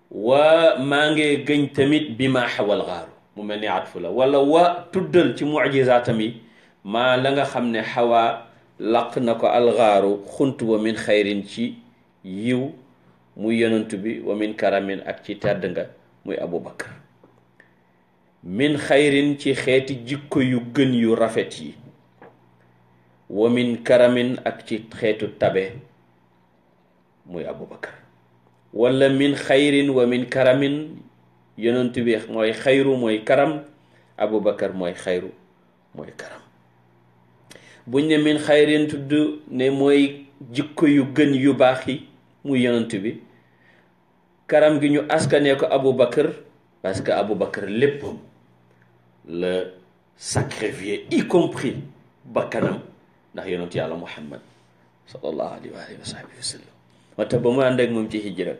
waa maa ngi gëñ tamit bi ma xawal xaaru mu mel ni at fu la wala waa tuddal ci mujizaatam yi maa la nga xam ne xawaa laq na ko alxaaru xunt ba min xayrin ci yiw muy yonent bi wa min karamin ak ci tedd nga muy Abu Bakar min xayrin ci xeeti jikko yu gën yu rafet yi wa min karamin ak ci xeetu tabe muy abubakar wala min xayrin wa min karamin yonent bi mooy xayru mooy karam abubakar mooy xayru mooy karam buñ ne min xayrin tudd ne mooy jikko yu gën yu baax yi muy bi karam gi ñu askanee ko abu abubakar parce que abubakar léppam la sacrifier y compris bakkanam ndax yonent yàlla muhammad sallallahu alayhi wa wa sahbihi wa sallam moo tax ba mu ànd ak moom ci hijra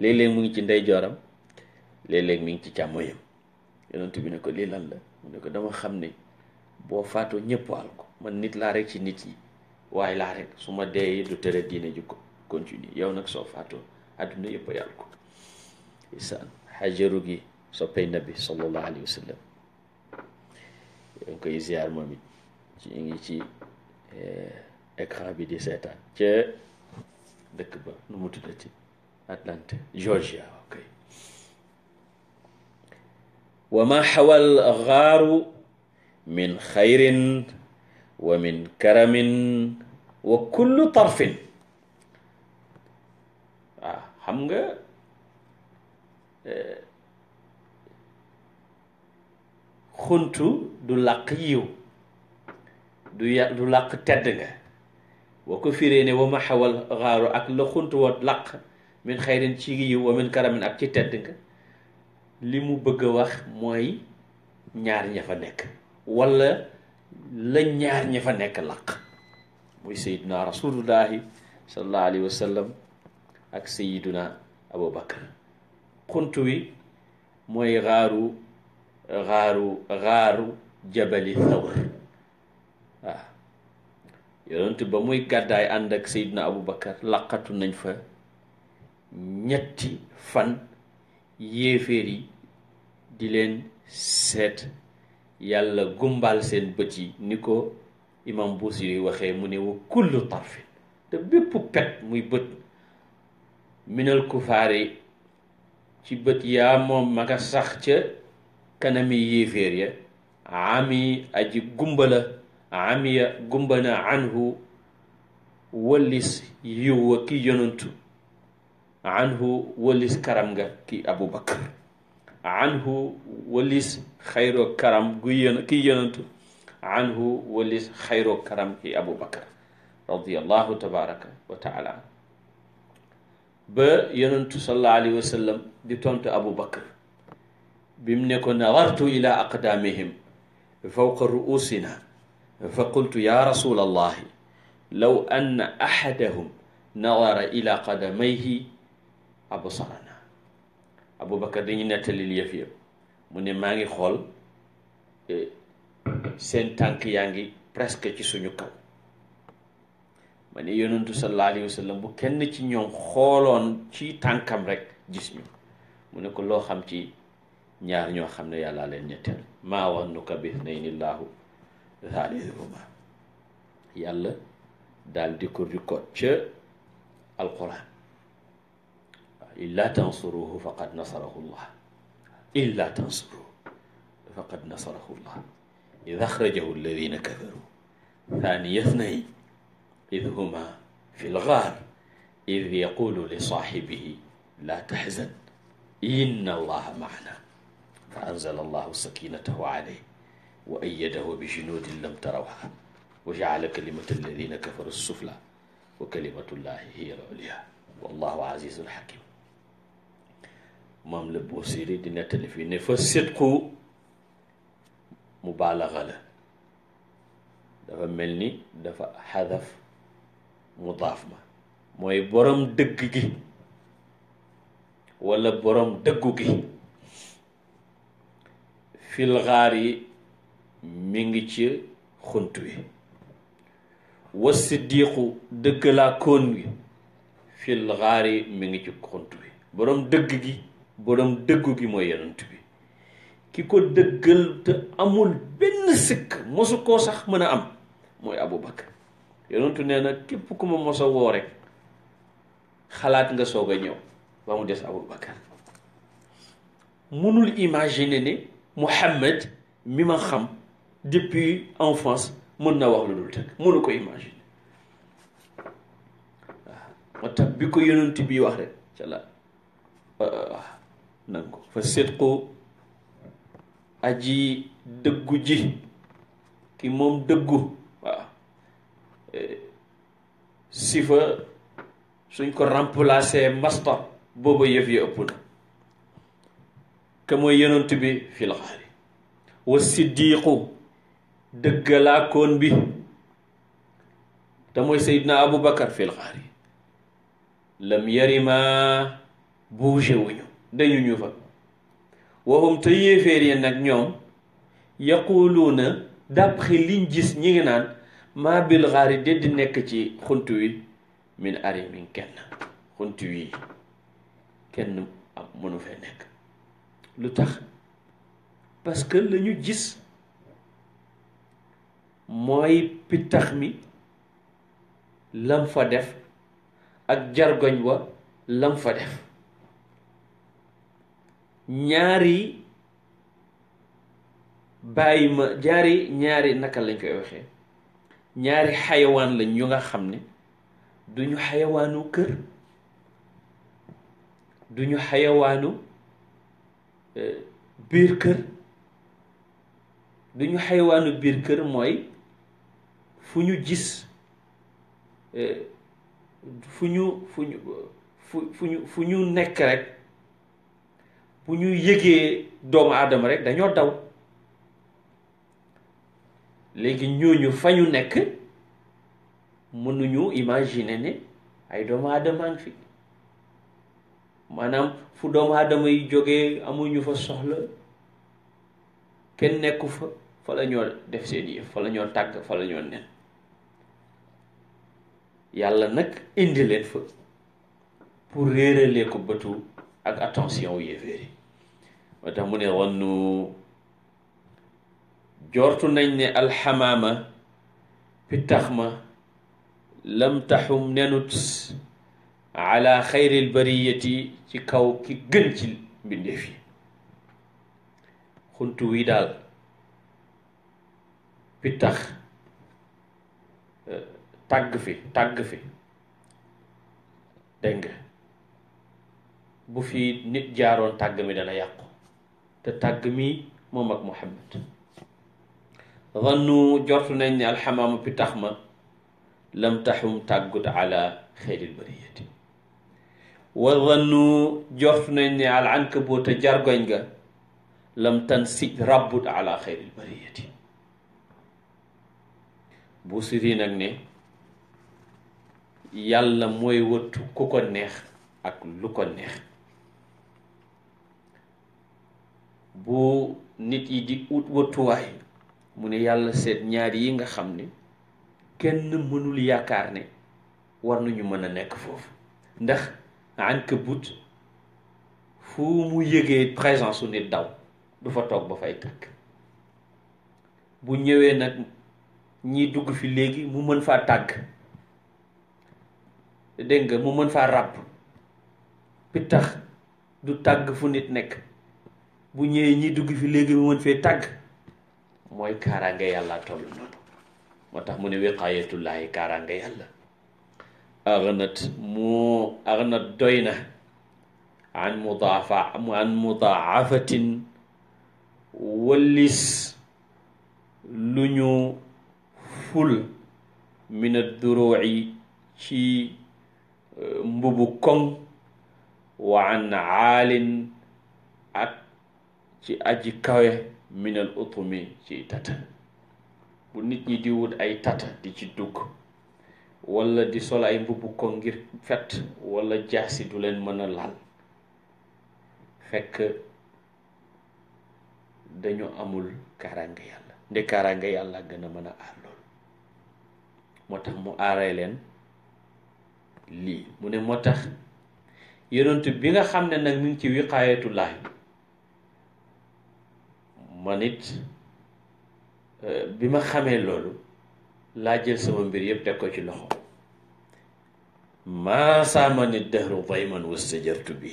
léeg-léeg mu ngi ci ndeyjooram léeg-léeg mi ngi ci càmmoñam yonent bi ne ko lii lan la mu ne ko dama xam ne boo faatoo ñëpp alko man nit laa rek ci nit yi waaye laa rek su ma dee yi du tere diine ju ko continue yow nag soo faatoo àdduna yëpp yàll ko isaan gi soppay nabi sallallahu alayhi wa ñu koy ziar moom ci ngi eh, bi di seetaan ca dëkk ba nu mu tuddati Atlanta Georgia wa ma xawal xaaru min xayrin wa min karamin wa kullu xuntu du làq yiw du yà du làq tedd nga boo ko fiiree ne wa ma xawal xaaru ak la xuntu wa làq min xayrin ci yiw wa min karamin ak ci tedd nga li mu bëgg a wax mooy ñaar ña fa nekk wala la ñaar ña fa nekk làq muy sayiduna rasulullahi sallallahu alayhi wa sallam ak sayiduna abubakar xuntu wi mooy xaaru xaaru xaaru jabali thawr waaw yonentu ba muy gàddaay ànd ak Seydina Aboubacar laqatu nañ fa ñetti fan yéeféer di leen seet yàlla gumbaal seen bët yi ni ko imam buusi yuy waxee mu ne wa kullu tarfin te bépp pet muy bët minal kufaari ci bët yaa moom ma nga sax ca kanami yéeféer ya ami aji gumba la amiya gumba na anhu wallis yiw wa ki yonantu anhu wallis karam nga ki abubakar anhu wallis xayroo karam gu yon ki yonantu anhu wallis xayroo karam ki abubakar radiallahu tabaraka wa taala ba yonantu sallallahu alayhi wa sallam di tontu abubakar bi mu ne ko nawartu ila aqdaamihim fawqa ru'uusinaa fa qultu yaa rasula allahi law anna ahadahum nawara ila qadamayhi absarana bakar dañu nettalil yëf yëpp mu ne maa ngi xool e, seen tànk yaa ngi presque ci suñu kaw ma ne yonentu sallallahu alayhi wa sallam bu kenn ci ñoom xooloon ci tànkam rek gis ñu mu ne ko loo xam ci ñaar ñoo xam ne yàllaa leen ñetteel maa wannuka bi nayni laahu thaalithuhuma yàlla daal di ko rikoot ca alquran waaw illaa tansuruhu faqad nasarahu llah illaa tansuruhu faqad nasarahu llah id axrajahu alladina kafaru thaniya thnayn id huma fi lgaar id yaqulu li saaxibihi laa taxzan inna allaha maana fa anzala allahu sakinatahu alayhi wa ayyadahu bi junudin lam tarawha wa jaala kalimata alladina kafaru sufla wa kalimatullahi hiya al-ulya wallahu azizun hakim moom la Buusiri di nettali fii ne fa sidqu mubaalaga la dafa mel ni dafa xadaf mudaaf ma mooy borom dëgg gi wala borom dëggu gi fil xaar yi mi ngi ci xunt wi wa siddiqu dëgg laa koon wi fil xaar yi mi ngi ci xunt wi boroom dëgg gi boroom dëggu gi mooy yonent bi ki ko dëggal te amul benn sikk mosu koo sax mën a am mooy abu yonentu nee na képp ku ma mos a woo rek xalaat nga soog a ñëw ba mu des Abubakar munul imaginer ne Mouhamed mi ma xam depuis enfance mën na wax lu dul dëgg mënu ko imaginer waaw moo bi ko yonent bi wax rek ca la nan fa sidqu aji dëggu ji ki moom dëggu waaw e, si fa suñ ko remplacer master booba yëf yi ëpp na te mooy yonent bi fil xaari wa siddiqu dëggalaakoon bi te mooy Seydina Abu Bakar fil xaari lam yarima bougé wuñu dañu ñu fa waxum te yéeféer yi nag ñoom yaquluuna d'après liñ gis ñi ngi naan maa bil xaari nekk ci xunt wi min arimin kenn xunt wi kenn am mënu fee nekk lu tax parce que la gis mooy pittax mi lam fa def ak jargoñ wa lam fa def ñaari bàyyi ma ñaari ñaari naka lañ koy waxee ñaari xayawaan lañ yu nga xam ne duñu xayawaanu kër duñu xayawaanu biir kër du ñu xaywaanu biir kër mooy fu ñu gis eh, fu ñu fu ñu fu ñu fu ñu nekk rek bu ñu yëgee doomu aadama rek dañoo daw léegi ñooñu fa ñu nekk mënuñu imaginer ne ay doomu aadama ngi fi maanaam fu doomu aadama yi jógee amuñu fa soxla kenn nekku fa fa la def seen yëf fa lañoo ñoo tàgg fa la nen yàlla nag indi fa pour réeralee ko bëtu ak attention yëf moo tax mu ne wannu jortu nañ ne alxamaama pittax ma lam taxum nenut ala xayril bariyati ci kaw ki gën ci mbindeef yi xuntu wi daal pittax eh, tàgg fi tàgg fi dégg nga bu fi nit jaaroon tàgg mi dana yàqu te tàgg mi moom ak Muhammad zannu jortu nañ ne alxamaamu pittax ma lam taxum tàggut ala xayril bariyati wa zannu jort nañ ne al ankabut jargoñ ga lam tansij rabbut ala xayril bariyati bu siri nag ne yàlla mooy wëttu ku ko neex ak lu ko neex bu nit yi di ut wëttuwaay mu ne yàlla seet ñaar yi nga xam ne kenn mënul yaakaar ne war nañu mën a nekk foofu ndax ankabut fu mu yëgee présence su nit daw du fa toog ba fay takk bu ñëwee nag ñi dugg fi léegi mu mën faa tàgg dégg nga mu mën faa ràbb pittax du tàgg fu nit nekk bu ñëwee ñi dugg fi léegi mu mën fee tàgg mooy kaaraange yàlla toll noonu moo tax mu ne wiqaayatullaahi kaaraange yàlla aghnat mu aghnat doy na an mudaafa an mudaafatin lu ñu ful min adduruuci ci mbubu koŋ wa an aalin ak ci aji kawe min al utumi ci tata bu nit ñi di wut ay tata di ci dugg wala di sol ay mbubb ko ngir fet wala jaasi du leen mën a laal fekk dañu amul kaaraange yàlla nde kaaraange yàlla gën a mën a aar loolu moo tax mu aaree leen lii mu ne moo tax yonent bi nga xam ne nag mi ci ci wiqaayatullaahi man it eh, bi ma xamee loolu laa jël sama mbir yëpp teg ko ci loxo maa saamani dahru dayman wastajartu bi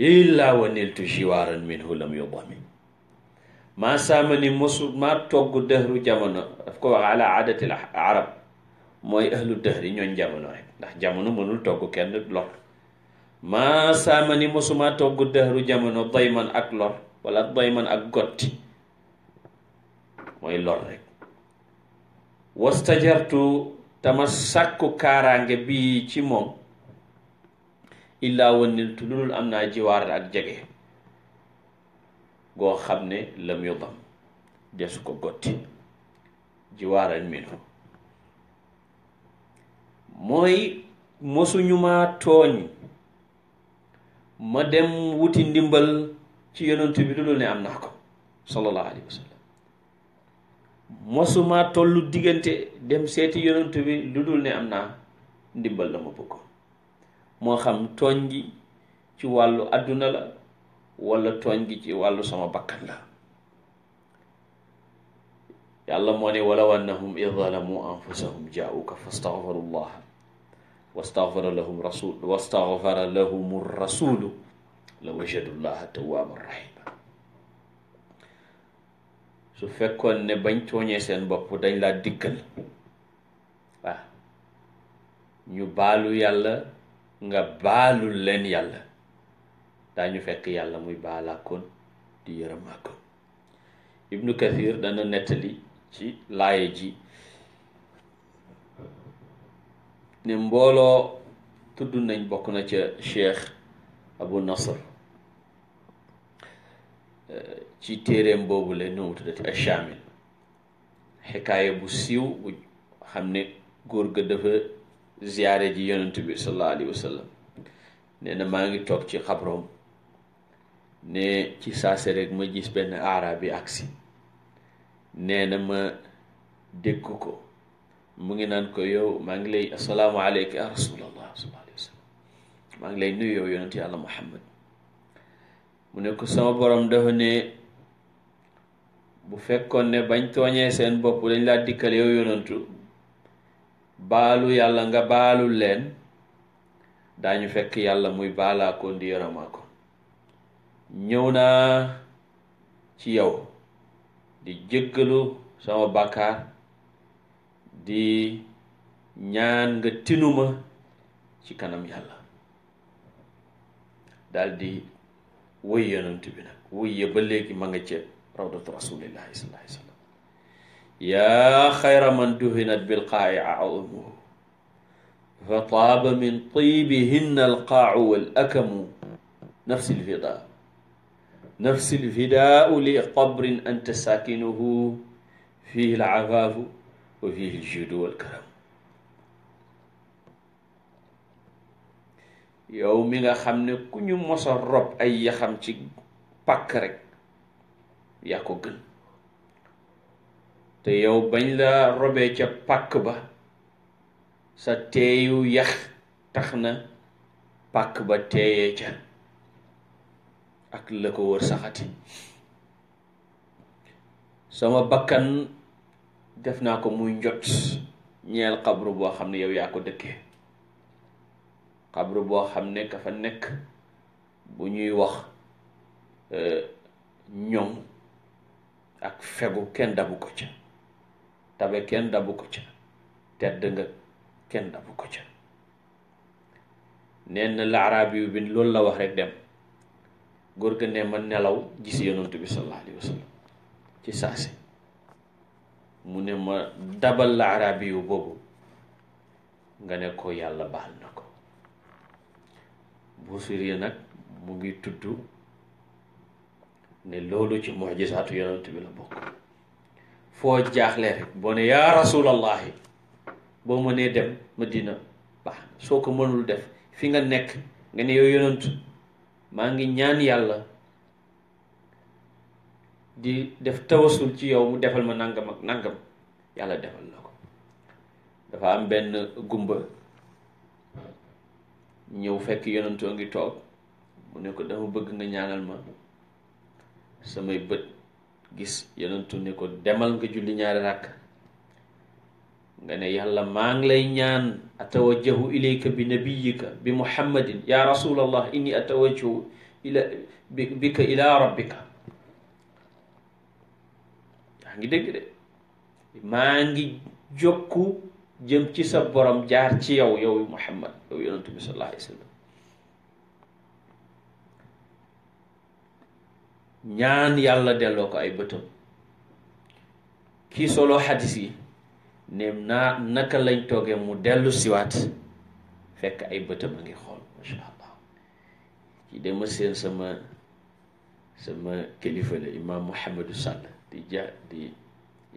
illaa wa niltu jiwaaran minhu lam yudami maa saamani mosu maa togg dëhru jamono daf ko wax ala arab mooy ahlu dëhri rek ndax jamono mënul togg kenn lor maa saamani mosuma togg dëhru jamono dayman ak lor wala dayman ak gotti mooy lor rek wastajartu tama sàkku kaaraange bi ci moom illaa wanniltu lu dul am naa jiwaar ak jege goo xam ne lam yudam desu ko gotti jiwaaran minu mooy mosuñu ma tooñ ma dem wuti ndimbal ci yonent bi lu dul ne am naa ko sallallahu alayhi wa mosuma tollu diggante dem seeti yonent bi lu dul ne am na ndimbal la ma bëggoon moo xam tooñ gi ci wàllu àdduna la walla tooñ gi ci wàllu sama bakkan la yàlla moo ne walaw annahum id zalamu anfusahum jaauka fa staxfaru llah wastaxfara lahum lahum rasulu la wajadu llaha tawaaban rahima su fekkoon ne bañ tooñee seen bopp dañ laa dikkal waaw ñu baalu yàlla nga baalu leen yàlla daa ñu fekk yàlla muy baalaakoon di yërëmaakoon ibnu kathir dana nettali ci laaye ji ne mbooloo tudd nañ bokk na ca cheikh abu nasr ci téereem boobu la nu tuddati Achaamil xikaaya bu siiw bu xam ne góor ga dafa ziyaare ji yonent bi sallallahu alayhi wa sallam maa ngi toog ci xabroom ne ci saase rek ma gis benn aaraab bi aksi nee na ma dégg ko mu ngi naan ko yow maa ngi lay assalaamu aleyka ya rasulallah sallallahu alayhi ngi lay nuyu yow yonent yàlla muhammad mu ne ko sama borom dafa ne bu fekkoon ne bañ tooñee seen bopp dañ laa dikkal yow yonantu baalu yàlla nga baalu leen daañu fekk yàlla muy baalaa di yaramaa ko ñëw naa ci yow di jëggalu sama bàkkaar di ñaan nga tinuma ci kanam yàlla daal di wëy yonant bi nag wëyya ba léegi ma nga ceeb rawdatu rasulillahi sallallahu alayhi wa sallam yaa xayra man duhinat bilqaaia aumuhu fa taaba min tiibihinna alqaau wal akamu nafsi lfida nafsi lfidaau li qabrin anta saakinuhu fihi alafaafu wa fihi aljuudu walkaram yow mi nga xam ne ku ñu mosa rob ay yaxam ci pàkk rek yaa ko gën te yow bañ la robee ca pàkk ba sa teeyu yax tax na pàkk ba teeyee ca ak la ko wër saxati sama bakkan def naa ko muy njot ñeel xabru boo xam ne yow yaa ko dëkkee xabru boo xam ne ka fa nekk bu ñuy wax euh, ñoom ak fegu kenn dabu ko ca tabe kenn dabu ko ca tedd nga kenn dabu ko ca nenn na laaraab bi loolu la wax rek dem góor ga ne ma nelaw gis yonantu bi sallallahu alayhi mu ne ma dabal laaraab yu boobu nga ne ko yàlla baal na ko Buusiri nag mu ngi tudd ne loolu ci mucjisaatu yonent bi la bokk foo jaaxlee rek boo ne yaa rasulallahi boo mënee dem Madina baax soo ko mënul def fi nga nekk nga ne yow yonent maa ngi ñaan yàlla di def tawasul ci yow mu defal ma nangam ak nangam yàlla defal na ko dafa am benn gumba ñëw fekk yonentu a ngi toog mu ne ko dama bëgg nga ñaanal ma samay bët gis yonentu ne ko demal nga julli ñaari ràkk nga ne yàlla maa ngi lay ñaan atawajjahu ilayka bi nabiyika bi muhammadin ya rasulallah inni atawajjahu ila bika ila rabbika yaa ngi dégg de maa ngi jokku jëm ci sa borom jaar ci yow yow muhammad yow yonentu bi sallallahu alayhi wa ñaan yàlla delloo ko ay bëtam kii solo xadis yi ne naa naka lañ toogee mu dellu siwaat fekk ay bëtam a ngi xool macha allah ci dama seen sama sama kilifa la imaam Mouhamadou Sall di ja di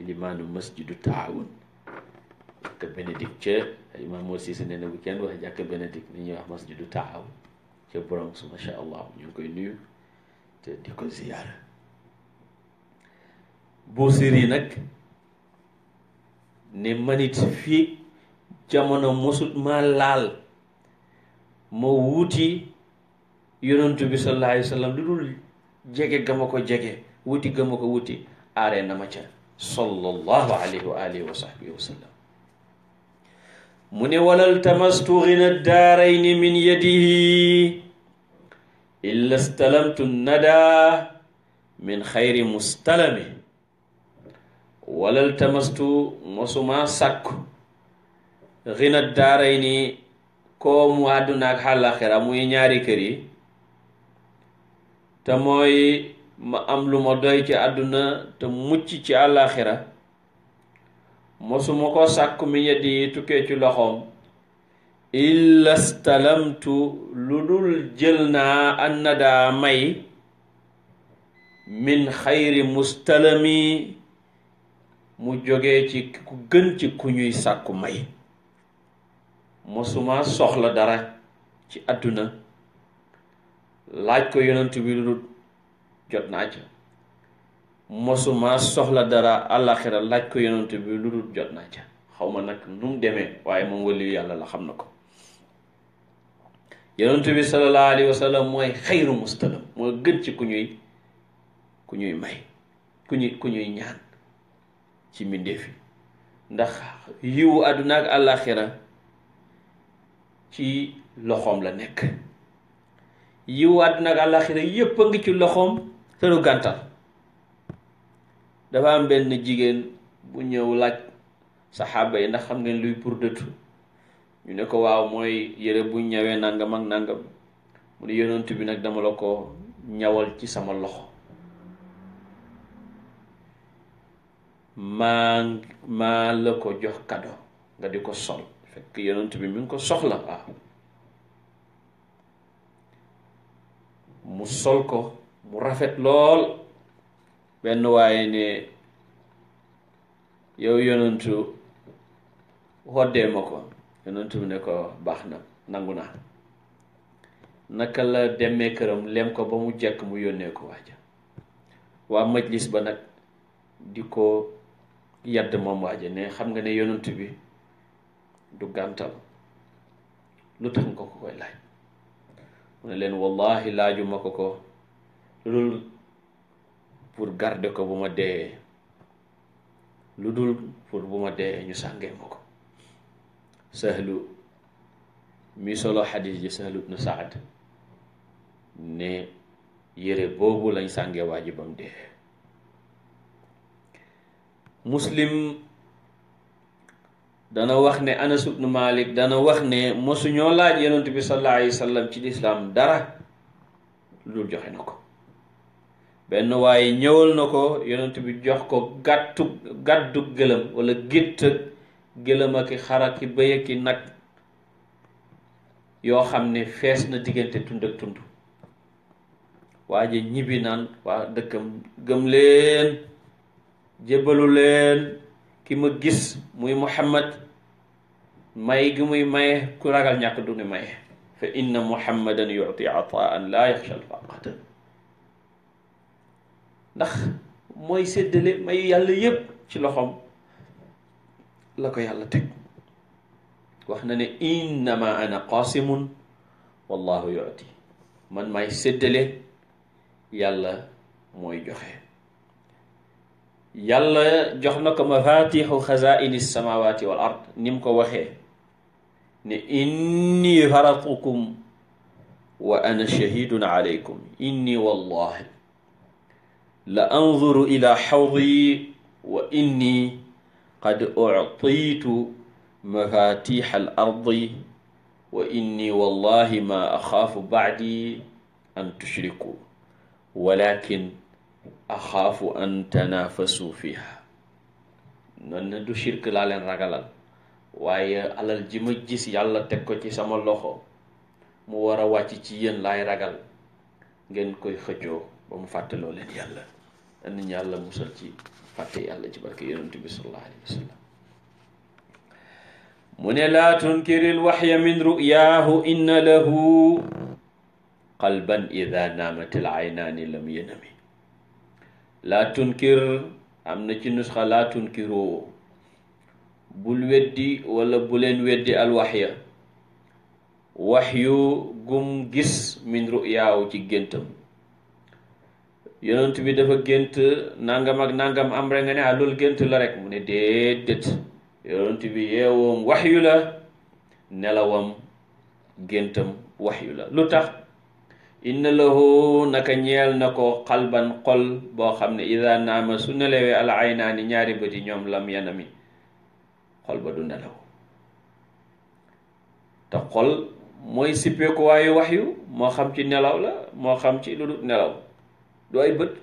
limaanu masjidu taawun jàkk Bénédict ca imaam Mor Cissé nee na bu kenn wax jàkk Bénédict ni ñuy wax masjidu taawun ca Bronx macha allah ñu koy nuyu te di ko ziyaara Buusiri nag ne manit fii jamono mosut ma laal mo wuuti yonantu bi sallallahu alayhi wa sallam lu dul jege ga ko jege wuti ga ma ko wuti aaree na ma ca sallallahu wa alihi wa mu ne walal tamastu daarayni min yadihi illa stalamtu nada min xayri mustalami walal tamastu mosuma sàkku rina daaray ni koomu àdduna ak xàllaxira muy ñaari kër yi te mooy ma am lu ma doy ci àdduna te mucc ci àllaxira mosuma ko sàkku mi yeddi tukkee ci loxoom illa lu dul jël naa annadaa may min xayri mustalami mu jógee ci ku gën ci ku ñuy sàkku may mosuma soxla dara ci àdduna laaj ko yonent bi lu dul jot naa ca mosuma soxla dara àllaaxira laaj ko yonent bi lu dul jot naa ca xaw ma nag nu mu demee waaye moom waliyu yàlla la xam na ko yonent bi sallallahu alayhi wa mooy xayru mustalam moo gën ci ku ñuy ku ñuy may ku ñuy ku ci mbindeef yi ndax yiwu àdduna ak àllaaxira ci loxoom la nekk yiwu àdduna ak àllaaxira yépp a ngi ci loxoom te du gàntal dafa am benn jigéen bu ñëw laaj sa saxaaba yi ndax xam ngeen luy pour dëtu ñu ne ko waaw mooy yére bu ñawee nangam ak nangam mu ne yonent bi nag dama la ko ñawal ci sama loxo maa maa la ko jox kado nga di ko sol fekk yonent bi mi ko soxla mu sol ko mu rafet lool benn waaye ne yow yonentu xoddee ma ko yonent bi ne ko baax na nangu naa naka la demee këram lem ko ba mu jekk mu yónnee ko waaja waa majlis ba nag di ko yadd moom waaja ne xam nga ne yonent bi du gàntal lu tax nga ko koy laaj mu ne leen wallahi laajuma ko ko lu dul pour garder ko bu ma dee lu dul pour bu ma dee ñu sàngee ma ko sahlu mi solo xadis ji sahlu ibnu saad ne yére boobu lañ sànge waaji bam dee muslim dana wax ne anas ibnu malik dana wax ne mosuñoo laaj yonent bi sallallahu alayhi wa sallam ci dara lu dul joxe na ko benn waaye ñëwal na ko yonent bi jox ko gàttu gàddu gëlëm wala gétt gëlëm ak i xar i bëy ak i nag yoo xam ne fees na diggante tund ak tund waa ji ñibbi naan waa dëkkam gëm leen jébbalu leen ki ma gis muy muhammad may gi muy maye ku ragal ñàkk du ni maye fa inna muhammadan yuti ataan laa yaxsha alfaqata ndax mooy séddale mayu yàlla yépp ci loxoom la ko yàlla teg wax na ne innama ana qasimun wallahu yu'ti man maay séddale yàlla mooy joxe yàlla jox na ko mafatixu xazaini samawati wal ard ni mu ko waxee ne inni faraqukum wa ana shahidun alaykum inni wallahi la anzuru ila xawdi wa inni qad uctiitu mafatixa alardi wa inni wallahi ma axaafu bacdi an tushriku walakin axaafu an tanafasu fiha noon na du shirk laa leen ragalal waaye alal ji ma gis yàlla teg ko ci sama loxo mu war a wàcc ci yéen laay ragal ngeen koy xëccoo ba mu fàttaloo leen yàlla an nañ yàlla musal ci fàtte yàlla ci barke yonent bi sallallahu alayhi wa sallam mu ne laa tunkiril waxya min ru'yaahu inna lahu qalban ida naamatil aynaani lam yanami laa tunkir am na ci nusxa laa tunkiroo bul weddi wala bu leen weddi alwaxya waxyu gum gis min ru'yaahu ci géntam yonent bi dafa gént nangam ak nangam am rek nga ne ah loolu gént la rek mu ne déedéet yonent bi yeewoom yu la nelawam géntam yu la lu tax inna lahu naka ñeel na ko xalban xol boo xam ne ida naama su nelawee al aynaani ñaari bët yi ñoom lam yanami xol ba du nelaw te xol mooy sippeekuwaayu waxyu moo xam ci nelaw la moo xam ci lu dul nelaw du ay bët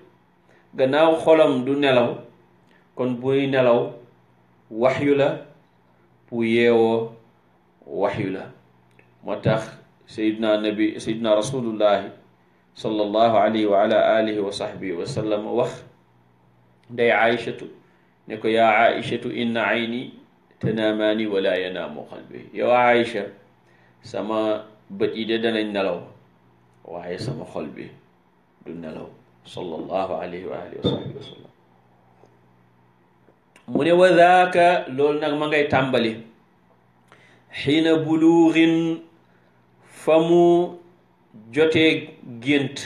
gannaaw xolam du nelaw kon buy nelaw waxyu la bu yeewoo waxyu la moo tax sayidna nabi sayidna rasulullahi sallallahu alayhi wa ala wax nday aïchatu ne ko yaa aïchatu inna ayni tanaamaani wala yanaamu qalbi yow aïcha sama bët yi de danañ nelaw waaye sama xol bi du nelaw sallallahu alayhi wa alihi mu ne wa daaka loolu nag ma ngay tàmbali xiina buluurin fa mu jotee gént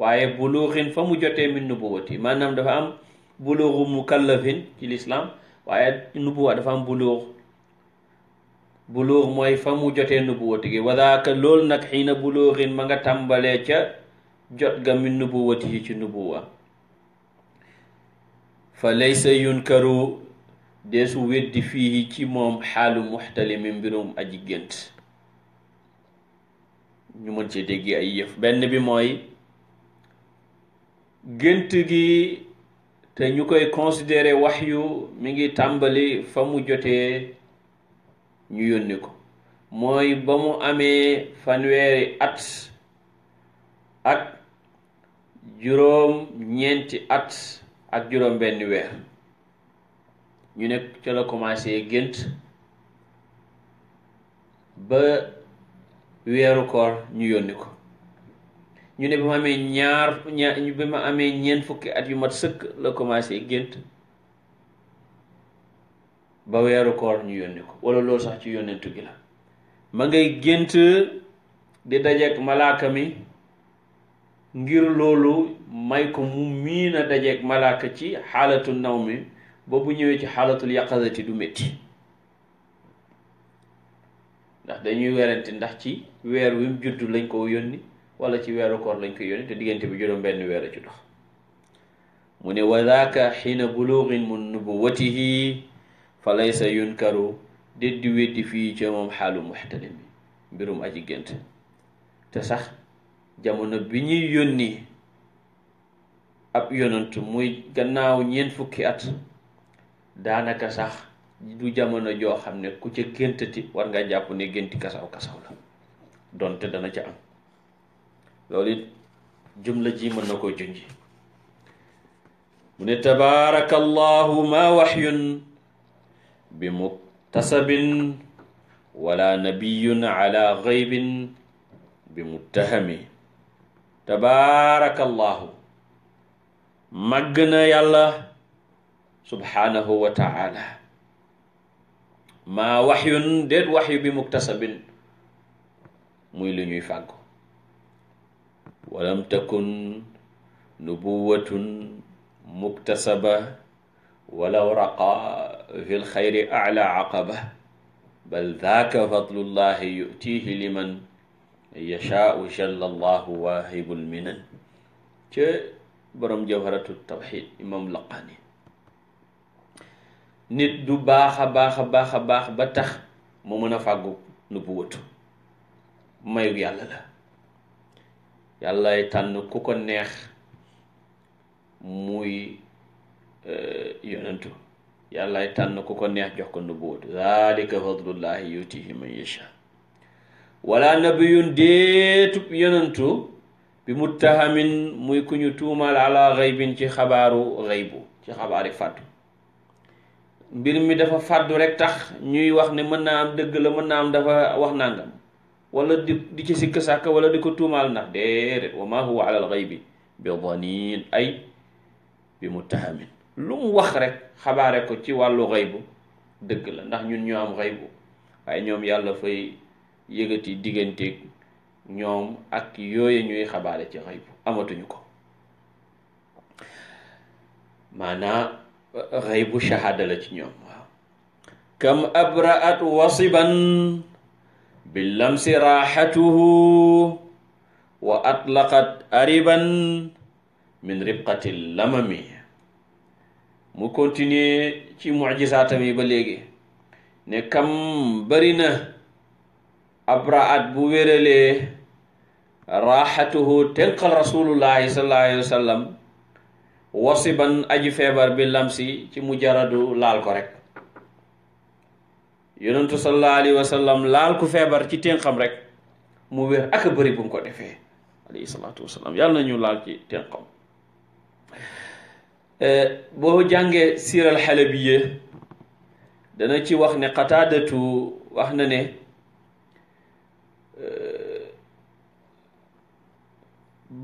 waaye buluurin fa mu jotee min nubuwati maanaam dafa am buluuru mukallafin ci lislaam waaye nubuwa dafa am mooy famu mu jotee nubuwati gi wa daaka loolu nag xiina buluurin ma nga tàmbalee ca jot ga min nubuwatihi ci nubuwa fa laysa yunkaru deesu weddi fii ci moom xaalu muxtalimi mbirum aji gént ñu mën cee dégg ay yëf benn bi mooy gént gi te ñu koy considere wax waxyu mi ngi tàmbali fa mu jotee ñu yónni ko mooy ba mu amee fanweeri at ak juróom ñeenti at ak juróom benn weer ñu nekk ca la commencé gént ba weeru koor ñu yónni ko ñu ne ba ma amee ñaar ñaar ba ma amee ñeent fukki at yu mat sëkk la commencé gént ba weeru koor ñu yónni ko wala loolu sax ci yónnentu gi la ma ngay gént di dajeek malaaka mi ngir loolu may ko mu miin a dajeeg malaaka ci xaalatu naw mi ba ñëwee ci xaalatul yaqazati du métti ndax dañuy werante ndax ci weer wi mu lañ ko yónni wala ci weeru koor lañ koy yónni te diggante bi juróom benn weer a ci dox mu ne wa daaka xiina buluugin min nubuwatihi fa laysa yunkaru déddi weddi fii ca moom xaalu muxtalim bi mbirum aji gént te sax jamono bi ñuy yónni ab yonantu muy gannaaw ñeent fukki at daanaka sax du jamono joo xam ne ku ca géntati war nga jàpp ne génti kasa kasaw la donte dana ca am loolu it jumla ji mën na ko junji mu ne tabaaraka allahu ma waxyun bi muktasabin wala nabiyun ala gaybin bi muttahami tabaarakallaahu màgg na yàlla subhaanahu wa taala maa waxyun déet waxyu bi muktasabin muy lu ñuy fàggu walam takun nubuwatun muktasaba walaw raqa fi lxayri ala aqaba bal daaka fadlullahi yutihi liman yashaau jalla allahu waahibul minan ca borom jawharatu tawxid imam laqani nit du baax a baax a baax a baax ba tax mu mën a fàggu nubbu wëtu mayu yàlla la yàllay tànn ku ko neex muy eh, yonentu yàllay tànn ku ko neex jox ko nubbu wëtu dalika fadlullahi yutihi man yasha wala nabiyun déetub yonantu bi muttahamin muy ku ñu tuumaal ala xaybin ci xabaaru xaybu ci xabaari fàddu mbir mi dafa fàddu rekk tax ñuy wax ne mën naa am dëgg la mën naa am dafa wax nangam walla di di ci sikk sàkk wala di ko tuumaal ndax déedéet wa ma huwa ala xaybi bi danin ay bi muttahamin lu mu wax rek xabaare ko ci wàllu xaybu dëgg la ndax ñun ñoo am xaybu waaye ñoom yàlla fay yëgati diggante ñoom ak yooye ñuy xabaare ci xayb amatuñu ko maanaa xaybu shahaada la ci ñoom waaw kam abraat wasiban billamsi raaxatuhu wa atlaqat ariban min ribqati lamami mu continuer ci mujisaatam yi ba léegi ne kam bari na abraat bu wéralee raaxatuhu tenqal rasulullahi sallallahu wasiban aji feebar bi lamsi ci mujaradu laal ko rek yonentu sallallahu alayhi wa laal ku feebar ci tenqam rek mu wér ak a bëri ko defee alayhi salaatu wasalaam yàlla na ñu laal ci tenqam eh, boo jàngee siiral Halabiyya dana ci wax ne qataadatu wax na ne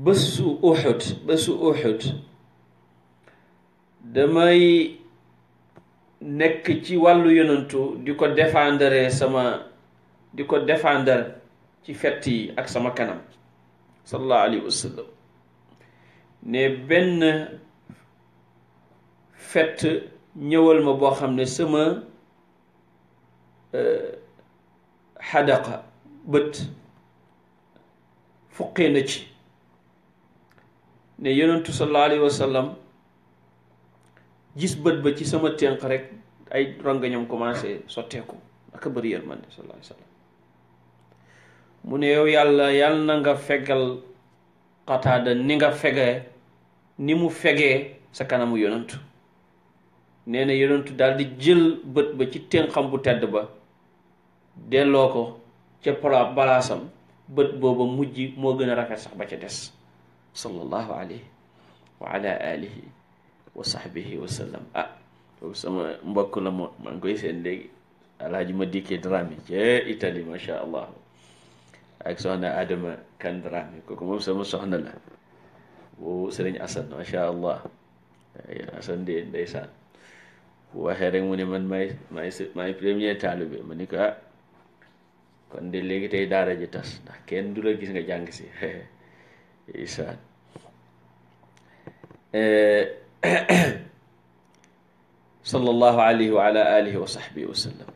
bésu uxut bésu uxut damay nekk ci wàllu yonantu di ko défendre sama di ko défendre ci fett yi ak sama kanam sallallahu alayhi ne benn fett ñëwal ma boo xam ne sama euh, xadaqa bët fuqee na ci ne yonentu sallallahu alayhi wa gis bët ba ci sama ténq rek ay rangañam commencé sotteeku ak bëri yërmande sallallahu alayhi wa sallam mu ne yow yàlla yàlla na nga fegal xataada ni nga fegee ni mu fegee sa kanamu yonentu neena na yonentu daal di jël bët ba ci ténqam bu tedd ba delloo ko ca palaasam bët booba mujj moo gën a rafet sax ba ca des sallallahu alayhi wa ala alihi wa sahbihi wa sallam ah boobu sama mbokk la moom maa ngi koy seen léegi alaaji ma dikkee Dramé ca Italie allah ak soxna sama soxna ndeysaan bu waxee rek mu ne man maay maay maay ma ni ko ah kon de léegi tey daara ji tas ndax kenn du la gis nga jàng si isaan sallallahu alayhi wa ala wa sahbihi wa sallam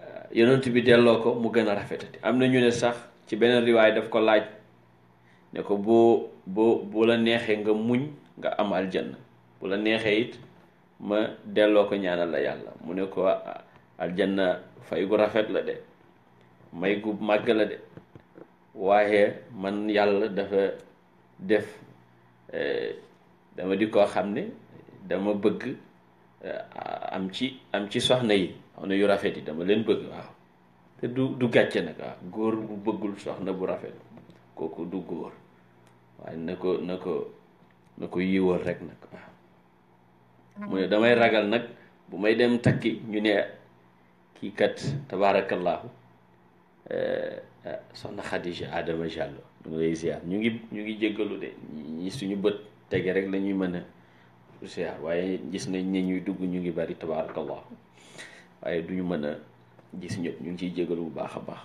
ah, bi delloo ko mu gën a rafetati am na ñu ne sax ci beneen riwaay def ko laaj ne ko boo boo bu la neexee nga muñ nga am aljanna bu la neexee it ma delloo ko ñaanal la yàlla mu ne ko ah, aljanna fay gu rafet la de may gu màgg la de waaye man yàlla dafa def eh, dama di koo xam ne dama bëgg eh, am ci am ci soxna yi am na yu rafet yi dama leen bëgg waaw te du du gàcce nag waaw góor bu bëggul soxna bu rafet kooku du góor waaye na ko na ko na ko yiwal rek nag waaw mu ne damay ragal nag bu may dem takki ñu ne kii kat tabaarakallaahu eh, soxna Khadija Adama Diallo ñu ngi lay ñu ngi ñu ngi jéggalu de ñi suñu bët tege rek la mën a ziar waaye gis nañ ne ñuy dugg ñu ngi bari tabarakallah waaye duñu mën a gis ñëpp ñu ngi ciy jéggalu bu baax a baax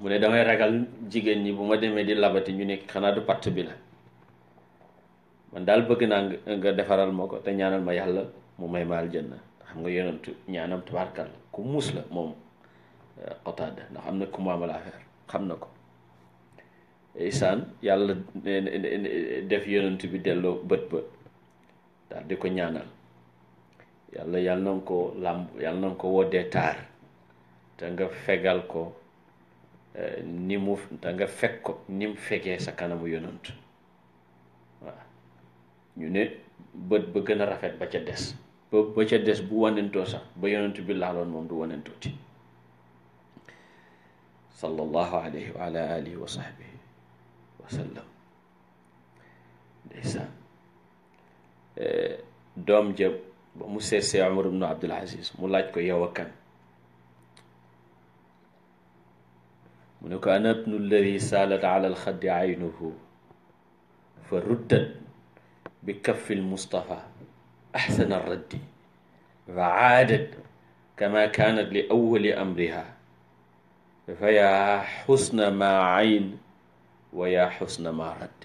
mu ne damay ragal jigéen ñi bu ma demee di labati ñu nekk xanaa du patt bi la man daal bëgg naa nga defaral ma ko te ñaanal ma yàlla mu may maal jënn xam nga yonentu ñaanam tabarkal ku muus la moom Qataada ndax am na ku mu amal affaire xam na ko isaan yàlla def yonent bi delloo bët ba daal di ko ñaanal yàlla yàlla na ko làmb yàlla na ko woddee taar te nga fegal ko eh, ni mu te nga fekk ko ni mu fegee sa kanamu yonent waaw ñu ne bët ba gën a rafet ba ca des ba ca des bu wanentoo sax ba yonent bi laaloon moom du wanentooti sallallahu alayhi wa ala alihi wa sahbihi wa sallam ndeysaan e, doom jëb ba mu seesee Umar ibnu Abdul Aziz mu laaj ko yow a kan mu ne ko ana bnu alladi saalat ala alxaddi aynuhu fa ruddat bi kaffi lmustafa axsana raddi fa aadat kama kaanat li awali amriha fa yaa xusna ma ayn wa yaa xusna ma radd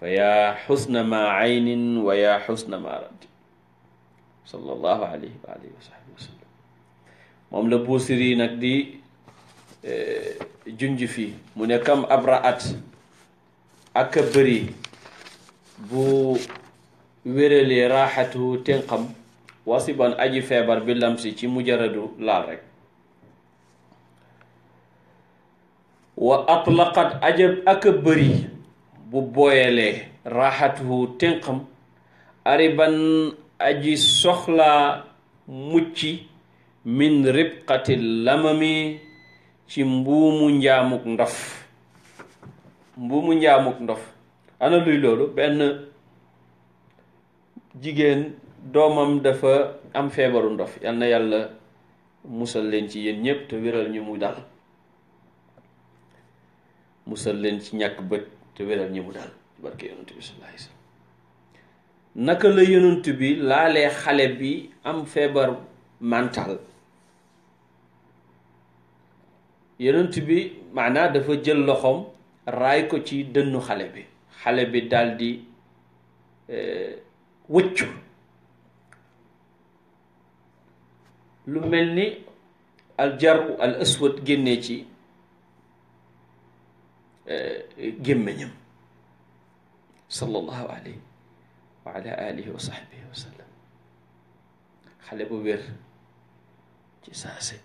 fa yaa xusna ma aynin wa yaa xusna ma radd sallallahu alayhi wa alihi wa sahbihi wa sallam moom la Buusiri nag di e, junj fii mu ne kam ab raat ak a bëri bu wéralee raaxatu tenqam wasiban aji feebar bi lamsi ci mujaradu laal rek wa atlaqat ajab ak a bëri bu booyalee raxatuhu ténqam ariban aji soxlaa mucci min ribqati lamami ci mbuumu njaamuk ndof mbuumu njaamuk ndof ana luy loolu benn jigéen doomam dafa am feebaru ndof yal yàlla musal leen ci yéen ñépp te wéral ñu mu dal musal leen ci ñàkk bët te wéral ñi mu daal barke yonent bi sallallahu alayhi naka la yonent bi laalee xale bi am feebar mental yonent bi maanaa dafa jël loxoom raay ko ci dënnu xale bi xale bi daldi eh, wëccu lu mel ni aljaru al aswad génnee ci E, gémmiñam sallallahu alayhi wa ala wa sahbihi wa sallam xale bu wér ci saase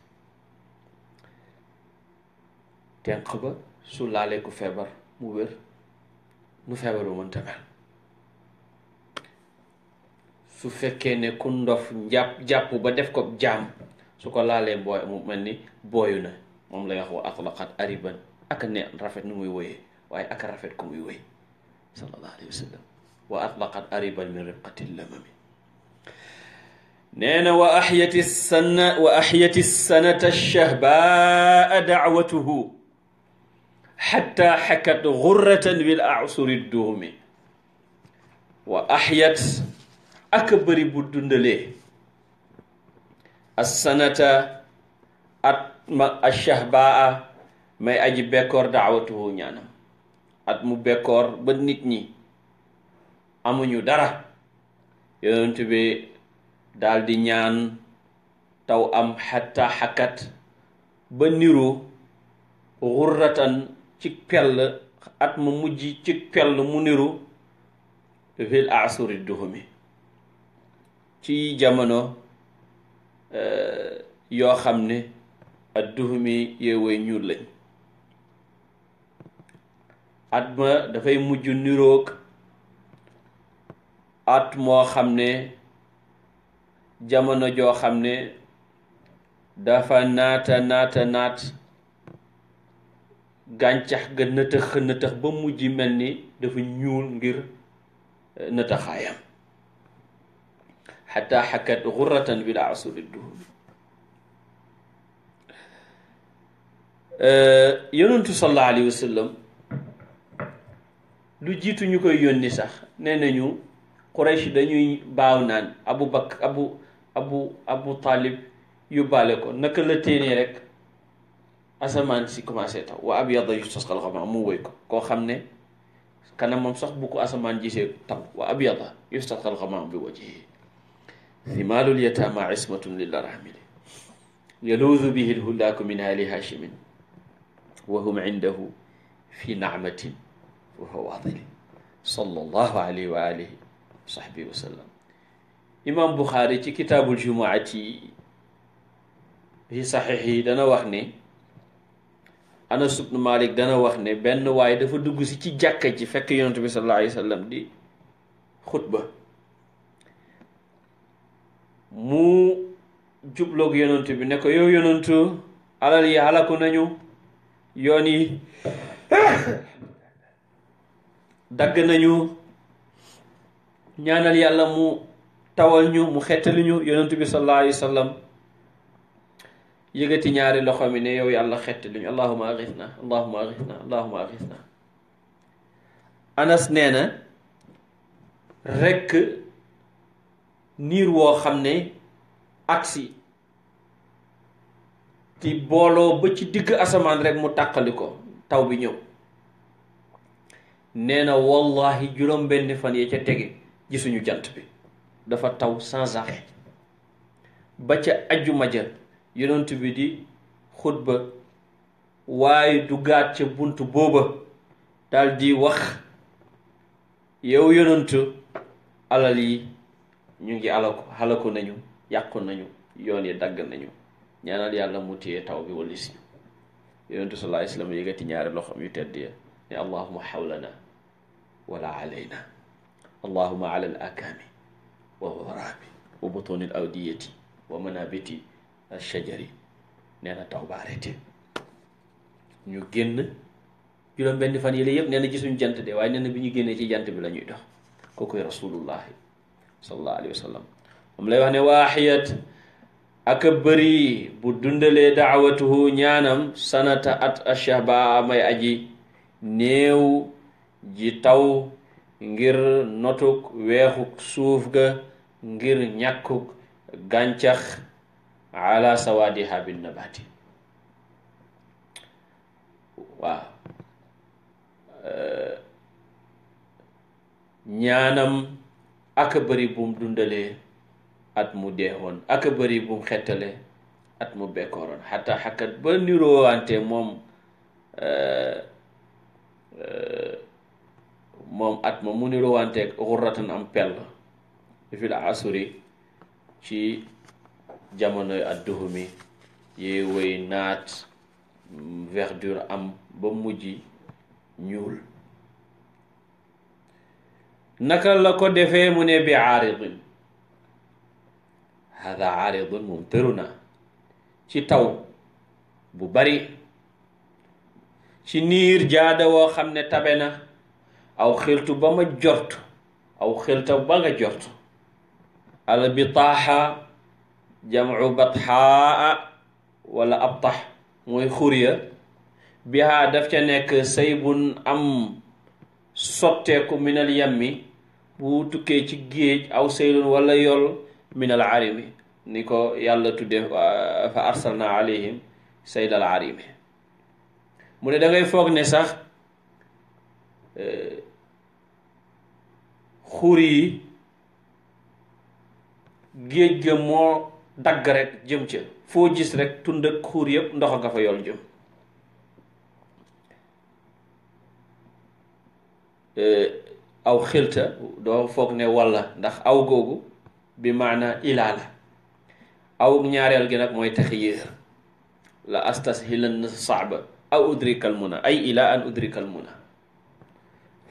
tenq su laalee ku feebar mu wér nu feebaru mënta mel su fekkee ne ku ndof njàpp jàpp ba def ko jaam su ko laalee booy moom lay wax wa atlaqat ariban ak a ne rafet nu muy woyee waaye ak a rafet ku muy woy sallallahu alayhi wa sallam wa atlaqat ariban min ribqati lamami nee na wa axyati sana wa axyati sanata shahbaa dacwatuhu xatta xakat gurratan bil acusuri duumi wa axyat ak bëri bu dundalee assanata at ma ashahbaa may aji bekkoor daawatuhu ñaanam at mu bekkoor ba nit ñi amuñu dara yonent bi daal ñaan taw am xatta xakkat ba niru xurratan ci pell at mu mujj ci pell mu niru fil asuri duhumi ci jamono eh, yoo xam ne ad duhumi yeewee ñuul lañ at ma dafay mujj niroog at moo xam ne jamono joo xam ne dafa naata naata naat gàncax ga nëtëx nëtëx ba mujj mel ni dafa ñuul ngir eh, nëtëxaayam xataa xakkat xurratan bi laa asuli duhum yonentu sallallahu alayhi wa lu jiitu ñu koy yónni sax nee nañu Quraysh dañuy baaw naan abu bakk abu abu abu taalib ko naka la téenee rek asamaan si commencé taw wa abyada yustasqal xamam mu wëy ko koo xam ne kanam moom sax bu ko asamaan gisee taw wa abyada yustasqal xamam bi wajhihi thimaalul yataama ismatun lil arhamili yaluudu bihi lhulaaku min ali hashimin wa hum indahu fi naamatin waxu adili sallallahu alayhi wa alihi wa sahbihi wa sallam ci kitaabul jumaati fi saxiix yi dana wax ne anas ibnu malik dana wax ne benn waaye dafa dugg si ci jàkka ji fekk yonent bi sallallahu alayhi wa sallam di xutba mu jubloog yonent bi ne ko yow yonentu alal yi halaku nañu yoon dagg nañu ñaanal yàlla mu tawal ñu mu xettali ñu yonentu bi sallallahu alayhi wa sallam yëgati ñaari loxo mi ne yow yàlla xettali ñu allahuma axis na allahuma na anas nee na rekk niir woo xam ne agsi ti booloo ba ci digg asamaan rek mu tàqali ko taw bi ñëw nee na wallahi juróom benn fan ya ca tege gisuñu jant bi dafa taw sans arrêt ba ca ajjuma ja yonent bi di xutba waaye du gaat ca bunt booba daal di wax yow yonent alal yi ñu ngi alako xalako nañu yàqu nañu yoon yi dagg nañu ñaanal yàlla mu téye taw bi wala si ñu yonent sallallahu alayhi wa sallam yëgati ñaari loxoom yu tedd ya ne allahuma xawlana wala alayna allahuma ala akami wa warabi wa butuni awdiyati wa manabiti al shajari nee taw ba arrêté ñu génn juróom fan yi la yëpp nee jant de waaye nee bi ñu génnee ci jant bi la ñuy dox kookoy rasulullahi sallallahu alayhi wa sallam moom lay wax ne waaxiyat ak a bëri bu dundalee daawatuhu sanata at ashaba may aji néew ji taw ngir notuk weexuk suuf ga ngir ñàkkuk gàncax ala sawaadiha bin nabaati waaw ñaanam aka bëri bum dundalee at mu deexoon aka bëri bum xettale at mu bekkooroon xata xakkat ba niroowante moom moom at ma mu niru wanteeg xurratan am pell fil asuri ci jamonoy adduhumi yee woy naat verdure am ba mujj ñuul naka la ko defee mu ne bi aaridin hada aaridun moom tëru na ci taw bu bari ci niir jaada woo xam ne tabe na aw xeltu ba ma jort aw xelta ba nga jort al bitaaxa jamcu batxaa wala ab tax mooy xurya bihaa daf ca nekk saybun am sotteeku minal yammi bu tukkee ci géej aw saylun wala yol minal arimi ni ko yàlla tudde uh, fa arsalna alayhim saylal arimi mu ne da ngay foog ne sax uh, xur yi géej ga moo dagg rek jëm ca foo gis rek tund ak xuur yëpp ndox a nga fa yool jëm eh, aw xilta doo foog ne walla ndax aw googu bi maana ilaa la aw ñaareel gi nag mooy taxyiir la astashilan saaba aw udrikal muna ay ilaa an udrikal muna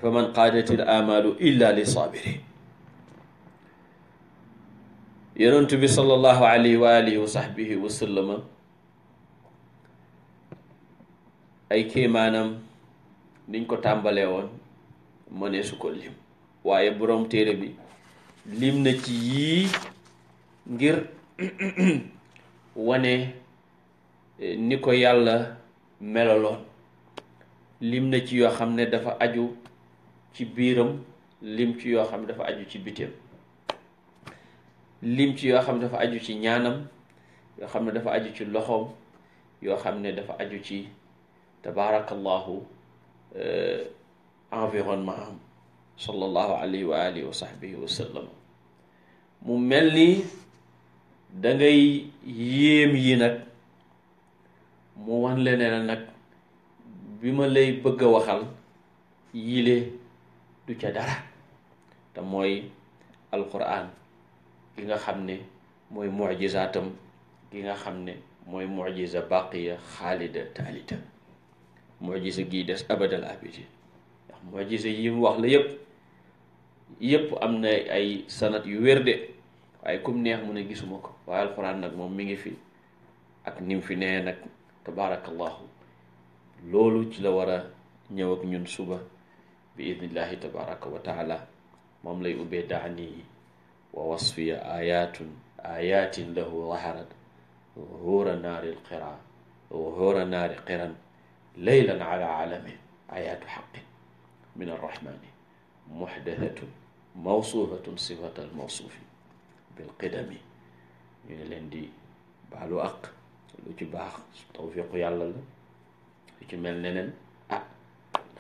fa man qaadatil amalu illa li saabiri yonent bi sallallahu alayhi wa alihi ay kéemaanam niñ ko tàmbalee woon mënee ko lim waaye boroom téere bi lim na ci yii ngir wone eh, ni ko yàlla meloloon lim ci yoo xam ne dafa aju ci biiram lim ci yoo xam ne dafa aju ci bitim lim ci yoo xam ne dafa aju ci ñaanam yoo xam ne dafa aju ci loxoom yoo xam ne dafa aju ci tabaarakallahu euh, environnement am sallallahu alayhi wa alihi wa sahbihi wa sallam mu mel ni dangay ngay yéem yi nag mu wan leneen nag bi ma lay bëgg a waxal yile du ca dara te mooy alxuraan gi nga xam ne mooy mujizaatam gi nga xam ne mooy mujiza baqiya xaalida taalita mujiza gii des abadal abidi ndax mujiza yi mu wax la yëpp yëpp am na ay sanat yu wér waaye kum neex mu ne gisuma ko waaye alquran nag moom mi ngi fi ak nim fi nee nag tabaarakallahu loolu ci la war a ñëw ak ñun suba bi idnillahi tabaraka wa taala moom lay ubbee daanii wa wasfiya ayatun ayatin lahu zaharat zuhura naari lqiran zuhura naari qiran leylan ala alamin ayatu xaqin min arrahmani muxdathatun mawsuufatun sifata almawsuufi bilqidami ñu ngi leen di baalu aq lu ci baax tawfiqu yàlla la lu ci mel neneen ah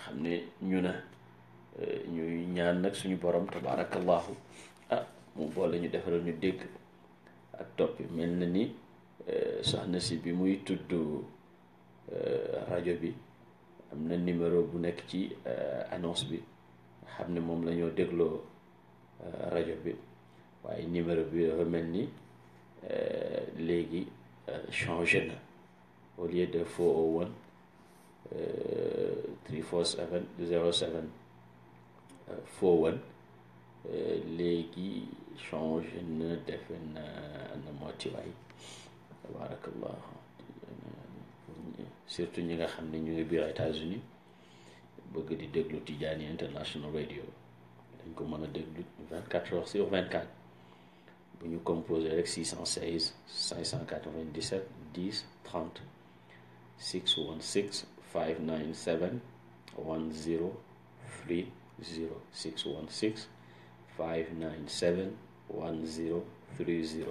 xam ne ñu na ñu ñaan nag suñu borom tabaarakallahu ah mu boole ñu defaral ñu dégg ak topp mel na ni eh, soxna si bi muy tudd eh, rajo bi am na numéro bu nekk ci eh, annonce bi xam ne moom la ñoo dégloo rajo bi waaye numéro bi mel ni léegi changé na au lieu de 401 347 07 foowan léegi changé na defe na am na mootiwaay tabarakallah surtout ñi nga xam ne ñu ngi biir États-Unis bëgg di déglu Tidjani International Radio dañ ko mën a déglu vingt quatre heures sur vingt quatre bu ñu composé rek six cent seize cinq cent quatre vingt dix sept dix trente six one six five nine seven one zero three 0616 597 1030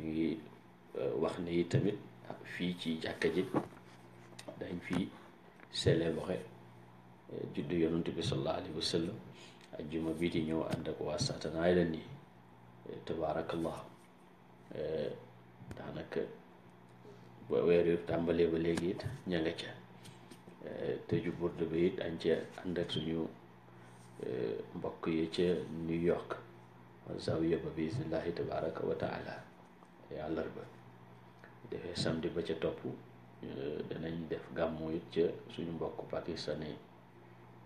ñu ngi euh, wax ne yi tamit fii ci jàkka ji dañ fi célébrer euh, juddu yonent bi sallallahu alayhi wa sallam ajjuma bii ñëw ànd ak waa satanaay la nii ba weer yu tàmbalee ba léegi it ña nga ca euh, te ju burd bi it añ ak suñu E, mbokk yi ca New York zawiya ba biiznillahi tabaraka wa taala àllarba defee samedi ba ca topp e, danañ def gàmmu it ca suñu mbokk pakistani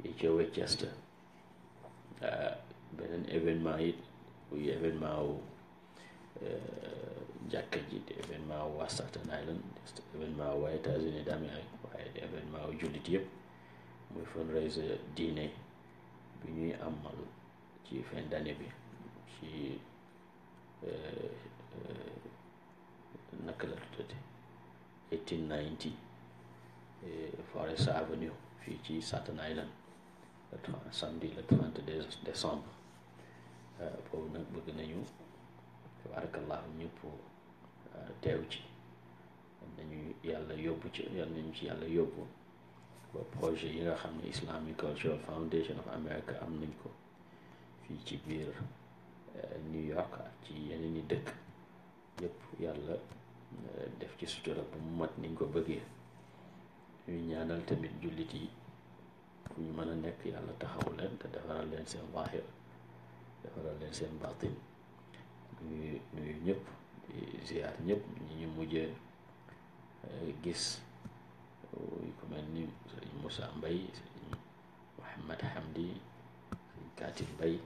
yi ca Westchester e, beneen événement it buy événement wu jàkka ji di événement wu waa Staten Island événement wu waa États-Unis d'Amérique waaye événement wu jullit yëpp muy fundraiser diine bi ñuy amal ci fin d'année bi ci euh, euh, naka la tuddati eighteen ninety euh, Forest Avenue fii ci Staten Island le samedi le trente décembre boobu nag bëgg nañu tabarakallahu ñëpp teew ci nañu yàlla yobbu ci yàlla nañu ci yàlla yóbbu ba projet yi nga xam ne Islamic Cultural Foundation of America am nañ ko fii ci biir eh, New York ci yeneen i dëkk yëpp yàlla eh, def ci sutura bu mu mat niñ ko bëggee ñuy ñaanal tamit jullit yi fu ñu mën a nekk yàlla taxawu leen te defaral leen seen waaxir defaral leen seen baatin nuyu ñëpp di ñëpp ñi ñu mujjee eh, gis yu ko mel ni sëriñ Moussa Mbaye sëriñ Mouhamad Hamdi sëriñ Kaati Mbaye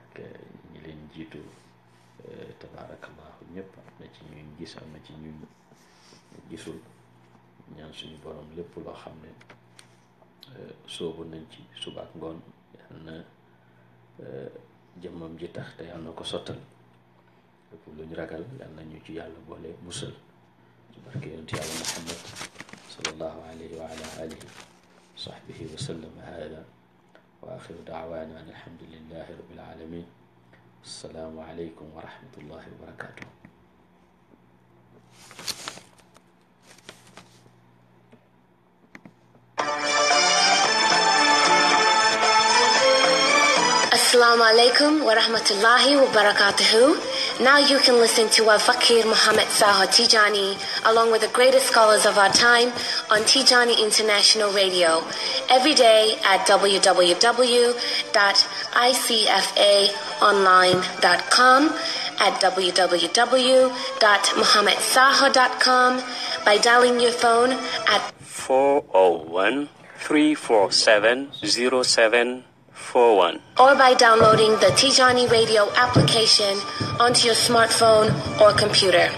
ak ñi leen jiitu tabaarakallaahu ñëpp am ci ñuy gis am na ci ñuy gisul ñaan suñu boroom lépp loo xam ne soobu nañ ci suba ngoon yal na jëmmam ji tax te yal na ko sottal lépp luñ ragal yal na ñu ci yàlla boole musal ci barke yonent yàlla Muhammad sallallahu alayhi wa ala alihi wa sahbihi wa sallam hada wa axiru daawaana an alhamdulillahi rabbil alamin assalaamu aleykum wa rahmatullahi wa barakatuh assalaamu aleykum wa rahmatullahi wa barakatuhu Now you can listen to our Fakir Muhammad Sahar Tijani along with the greatest scholars of our time on Tijani International Radio every day at www.icfaonline.com at www.muhammadsahar.com by dialing your phone at 401 347 07 841. Or by downloading the Tijani Radio application onto your smartphone or computer.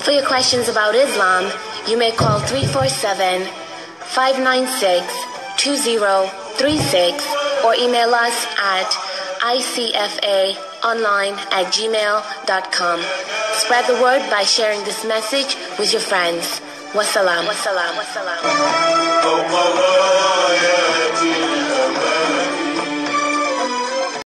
For your questions about Islam, you may call or email us at icfaonline at gmail.com. Spread the word by sharing this message with your friends. Wassalam. Wassalam. Wassalam. Oh, oh, oh,